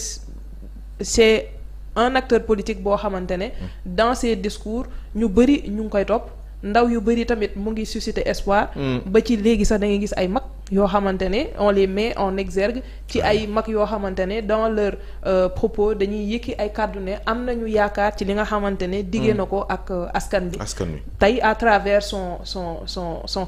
c'est un acteur politique boo xamante ne mm. dans ses discours ñu bëri ñu ngi koy topp. ndaw yu bëri tamit mu ngi susciter espoir. Mm. ba ci léegi sax da gis ay mag yoo xamante ne on les met en exergue ci ay mag yoo xamante ne dans leur euh, propos dañuy yëkki ay kàddu ne am nañu yaakaar ci li nga xamante ne. diggee mm. na ko ak euh, askan bi. askan bi tey à travers son son son son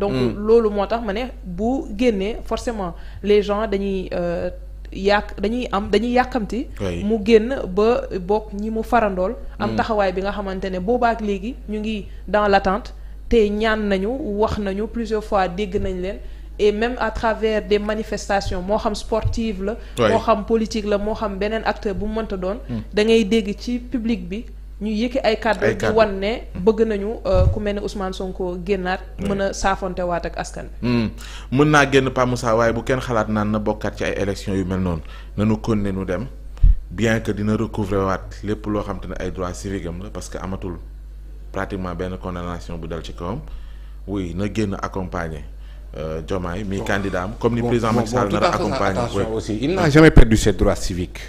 donc mm. loolu moo tax ma ne bu génnee forcément les gens dañuy. Euh, yàq dañuy am dañuy yàkkamti mu génn ba bokk ñi mu farandool am mm. taxawaay bi nga xamante ne boobaak léegi ñu ngi dans l'attente te ñaan nañu wax nañu plusieurs fois dégg nañ leen et même à travers des manifestations moo xam sportive la moo xam politique la moo xam beneen acteur bu mu mënta doon mm. da dégg ci public bi ñu yëkki ay kàddu di wan ne bëgg nañu euh, ku mel ne son Sonko génnaat mën a saafonte waat ak askan hmm. mën naa génn Pa Moussa waaye bu kenn xalaat naan na bokkaat ci ay élections yu mel noonu nanu kon ne nu dem bien que dina recouvrer waat lépp loo xam ne ay droits civiques am la parce que amatul pratiquement benn condamnation bu dal ci kawam oui na génn accompagner euh, Diomaye mi candidat am comme ni président Macky Sall nar a il n'a jamais perdu ses droits civiques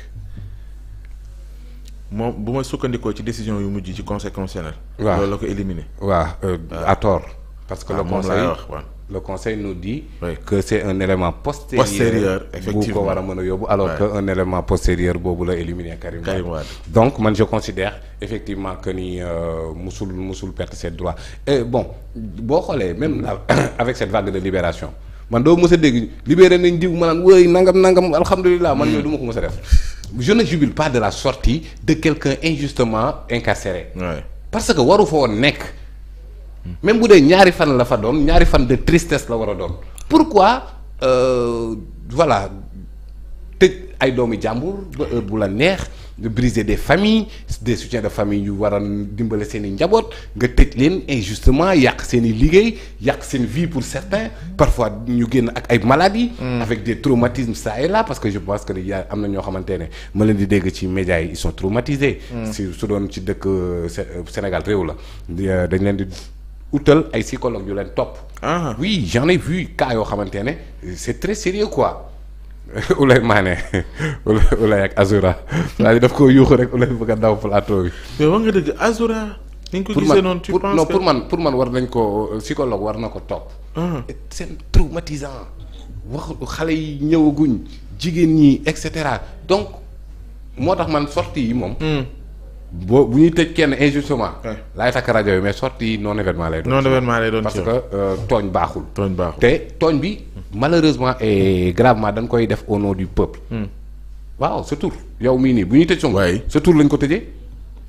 moom bu ma sukkandikoo ci décision yu mujj ci conseil constitutionnel. waaw loolu la ko éliminer. Euh, waaw à tort. parce que le conseil le conseil nous dit. Oui. que c' un élément postérieur. postérieur effectivement bu ko war a mën a yóbbu. alors oui. que un élément postérieur boobu la éliminer Karim Wade. donc man je considère effectivement que ni euh, musul musul perte ses droits bon boo xoolee même avec cette vague de libération man doo mës a dégg libéré nañ diw ma naan wëy nangam nangam alhamdulilah man yooyu du ma ko mës def. je ne jubile pas de la sortie de quelqu'un injustement incarcéré parce que waru fa woon nekk même bu dee ñaari fan la fa doon ñaari fan de tristesse la war a doon pourquoi euh, voilà te ay doomi jàmbur ba heure bu la neex nga des familles des soutiens de famille yu war a seeni seen i njaboot nga tëj leen injustement yàq seen i liggéey yàq seen vie pour certains parfois ñu génn ak ay maladies. Mm. avec des traumatismes ça et la parce que je pense que am na ñoo xamante ne ma leen di dégg ci média yi ils sont traumatisés. Mm. si su doon ci dëkk euh, euh, Sénégal réew la euh, dañ leen di. utal ay psychologue yu leen topp. Ah. oui j'en ai vu cas yoo xamante ne c'est très sérieux quoi. Ulay Mané Ulay ak Azura c'est-à-dire daf ko yuuxu rek Ulay bëgg a daw plateau bi. mais wax nga dëgg Azura. ni ko gisee noonu tu penses non pour man pour man war nañ ko psychologue war na ko topp. Ah. seen traumatisant wax xale yi ñëwaguñ jigéen ñi et cetera donc moo tax man sortie yi moom. Hmm. boo bu ñuy tëj kenn injustement. laay takk rajo yi mais sorti non événement lay doon. non événement parce que euh, tooñ baaxul. tooñ baaxul te tooñ bi malheureusement et gravement dañ koy def au nom du peuple. Hmm. waaw sa tur yow mii nii bu ñuy tëj Sonko. sa tur lañ ko tëjee.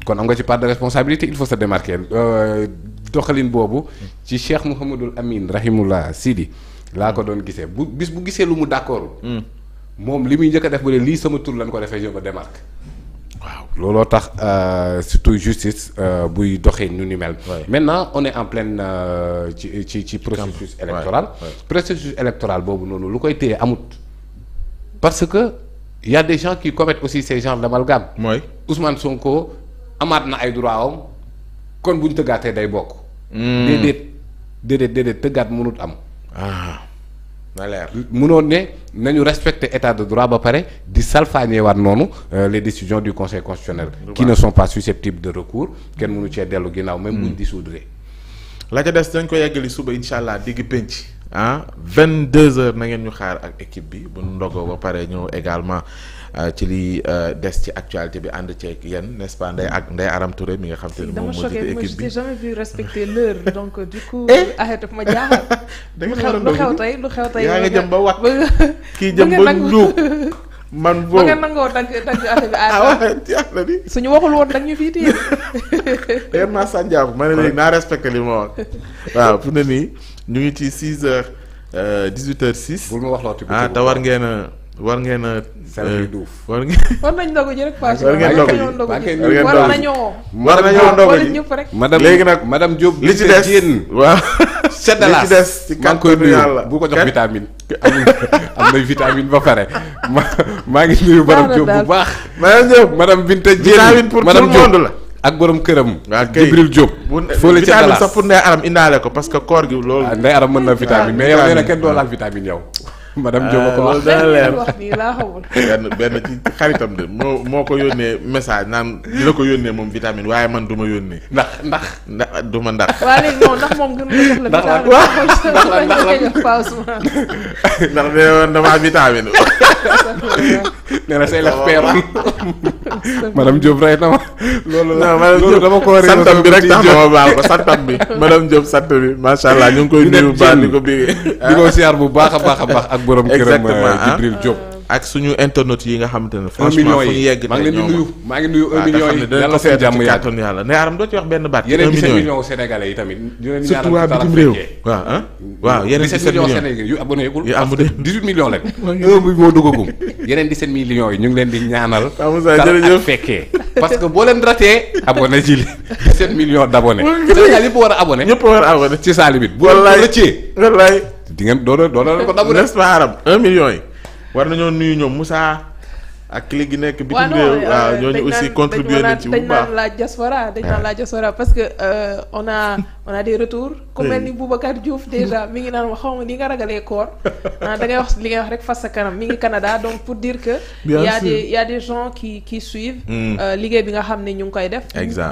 kon am nga ci part de responsabilité il faut se démarquer euh, doxalin boobu ci Cheikh Mouhamadul Amin rahimullah Sidi laa ko doon gisee bu bis bu gisee lu mu d'accord. Hmm. moom li muy njëkk def ba ne lii sama tur lañ ko defee je me waaw looloo tax euh, surtout justice euh, buy doxee nu ni mel. maintenant one est en pleine euh, ci ci ci processus électoral processus électoral boobu noonu lu koy téye amut parce que y a des gens qui commettent aussi ces genres d'amalgame mooy Ousmane Sonko amaat na ay droit am kon bu tëggaatee day bokk. Hmm. déedéet déedéet déedéet tëggaat mënut am. Ah. na leer mënoon ne nañu respecter état de droit ba pare di salfaañewaat noonu euh, les décisions du conseil constitutionnel. qui ne sont pas susceptibles de recours. kenn mënu cee dellu ginnaaw même buñ mm. dissoudre. la ca des dañ ko yeggali suba incha allah digg penc. ah 22h na ngeen ñu xaar ak équipe bi bu ndogoo ba pare ñëw également. Euh, ci li euh, des ci actualité bi ànd ceeg yéen n'est-ce ak Ndeye Aram Touré mi nga xam te ne moom moo jiite équipe bi dama jamais eh? da nga xew lu xew tey lu kii jëm ba man boobu nga nangoo dagg dagg affaire bi ànd ah la suñu ma ne léegi naa respecté li ngi ci 6 heures 18 euh, heures 6. bul ma ah, te war ngeen war ngeen a. sànq euh, duuf war ngeen. war nañ ndogu ji rek Pache. war ngeen ndogu ji war ngeen ndogu ji war nañoo. war nañoo ndogu ji madame léegi nag madame Diop. li ci des yéen waaw. li ci des ci kàttanu yàlla bu ko jox vitamine. amul am nay vitamine ba pare ma maa ngi nuyu madame Diop bu baax. madame Diop madame Binta Diène vitamine pour tout le monde la. ak borom këram. waaw kay Jibril Diop. fële ca Dalaas sax pour ndey aram indaale ko parce que koor gi loolu. Ah, ndey aram mën na ah. vitamine mais yow nee na kenn doo laal vitamine yow. madame Diop ko ah, wax dana leer wax moo ko yónnee message naan dina ko yónnee moom vitamine waaye man du ma yónnee. ndax ndax ndax du na ma. loolu la loolu dama ko réew santam bi rek tax na ko bi. madame Diop sant bi macha allah ñu koy nuyu bu baax di ko bégee. di ko siyaar bu baax a baax a baax ak borom këram euh, ah. yi nga xamante ne franchement fu ñu ah, million yi yàlla seen di ñaanal ak ah. que boo leen Sénégal yëpp war a abonné ñëpp war a ci saali wallaay di ngeen doo doon doo doon ko dabu n'est-ce pas Arame un million yi war nañoo nuyu ñoom Moussa ak li gi nekk bitim réew euh, waaw ñooñu aussi contribué nañ ci bu baax dañ naan la diaspora dañ naan la diaspora parce que euh, on a on a des retours ku mel ni Boubacar Diouf déjà mi ngi naan wax xaw ma li nga ragalee koor ah da ngay wax li ngay wax rek fas sa kanam mi ngi Canada donc pour dire que il y a des il y a des gens qui qui suivent hmm. euh, liggéey bi nga xam ne ñu ngi koy def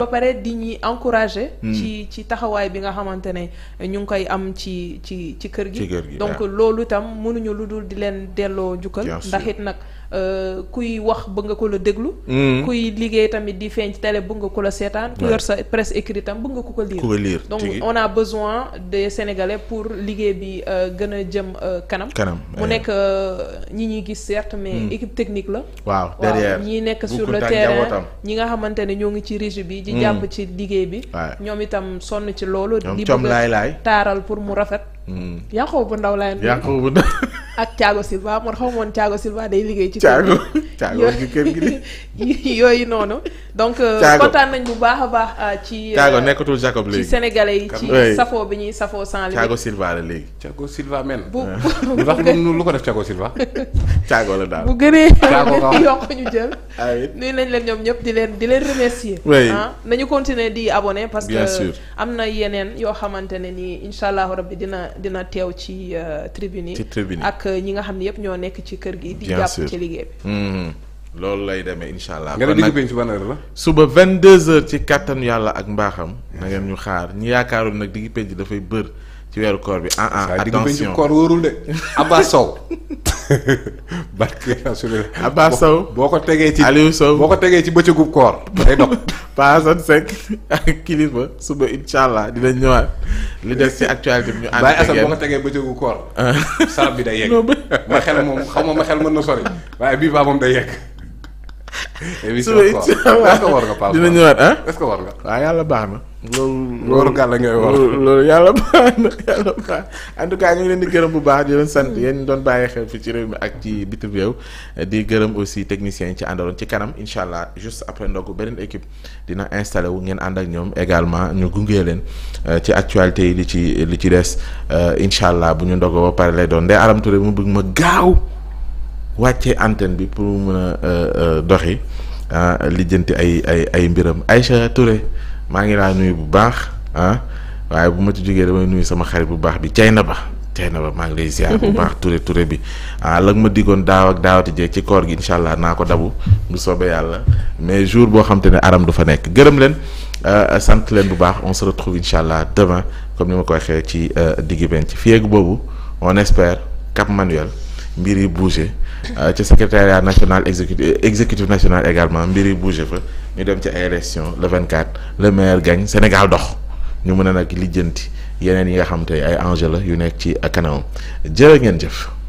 ba pare di ñuy encouragé hmm. ci ci taxawaay bi nga xamante ne ñu ngi koy am ci ci ci kër gi donc loolu itam mënuñu lu dul di leen delloo njukkal ndax it nag Euh, kuy wax bëgg nga ko la déglu. Mm-hmm. kuy liggéey tamit di feeñ ci télé bëgg nga ko la seetaan. ku yor sa presse écrite tam bëgg nga ko ko lire. donc on a besoin des sénégalais pour liggéey bi euh, gën a jëm euh, kanam. kanam mu eh. nekk ñi ñuy gis certes mais mm. équipe technique la. waaw derrière ñi nekk sur le terrain ñi nga xamante ne ñoo ngi ci régie bi. di mm. jàpp ci liggéey bi. ñoom itam sonn ci loolu. di bëgg taaral pour mu rafet. Mm. yaa bu ndaw laay. yaa ndaw. ak Thiago Silva man xaw moon Silva day liggéey ci Thiago Thiago ci kër gi yooyu noonu donc euh, kontaan nañ bu baax a baax euh, ci euh, Thiago nekkatul Jacob léegi ci sénégalais yi ci safoo bi ñuy safoo sans limite Thiago léegi Thiago Silva men bu wax ah. nu lu ko def Thiago Silva Thiago la daal bu gënee yokk ñu jël ah nuyu nañ leen ñoom ñëpp di leen di leen remercier ah, nañu continuer di abonné parce que am na yeneen yoo xamante ne nii incha allahu rabbi dina dina teew ci tribune yi ak ñi nga xam ne yëpp ñoo nekk ci kër gi. di jàpp ci liggéey bi. Mhm. loolu lay demee incha allah. nga ne ci ban heure la. suba 22h ci kàttanu yàlla ak mbaaxam. na ngeen ñu xaar ñi yaakaaroon nag digg penc dafay bër. ci weeru koor bi ah ah attention koor wóorul de Abba Sow barke rasulullah Abba Sow boo ko tegee ci Aliou Sow boo ko tegee ci bëccëgu koor day dog paasan Seck ak kilifa suba incha allah dina ñëwaat li des ci actualité bi ñu ànd ak yéen boo ko tegee bëccëgu koor sarab bi day yegg ma xel moom xaw ma ma xel mën na sori waaye bii baa moom day yegg émission est-ce que war ah, yàlla baax na. loolu loolu gàll ngay war loolu yàlla baax na yàlla baax en tout ñu leen di gërëm bu baax di leen sant hmm. yéen doon bàyyi xel fii ci réew mi ak ci bitim réew di gërëm aussi technicien yi ci àndaloon ci kanam incha allah juste après ndogu beneen équipe dina installé wu ngeen ànd ak ñoom également ñu gunge leen euh, ci actualité yi li ci li ci des euh, incha allah bu ñu ndogoo ba pare lay doon ndey Aram Touré mu bëgg ma gaaw. wàccee antenne bi pour mu mën a euh, euh, doxi ah lijjanti ay ay ay mbiram ay Aïcha Touré maa ngi laa nuyu bu baax ah waaye bu ma ci jógee damay nuyu sama xarit bu baax bi Ceyna Ba Ceyna Ba maa ngi lay ziar bu baax Touré Touré bi ah lag ma diggoon daaw ak daawati jeeg ci koor gi incha allah naa ko dabu bu soobee yàlla mais jour boo xam ne aram du fa nekk gërëm leen ah, sant leen bu baax on se retrouve incha allah demain comme ni ma ko waxee ci euh, digg benn ci fii boobu on espère Cap Manuel mbir yi bougé Euh, ci secrétariat national exécutif exécutif national également mbiri bouge bougé fa ñu dem ci ay élection le 24 le maire gagne Sénégal dox ñu mën a nag lijjanti yeneen yi nga xam te ay enjeu la yu nekk ci kanamam jërë ngeen jëf.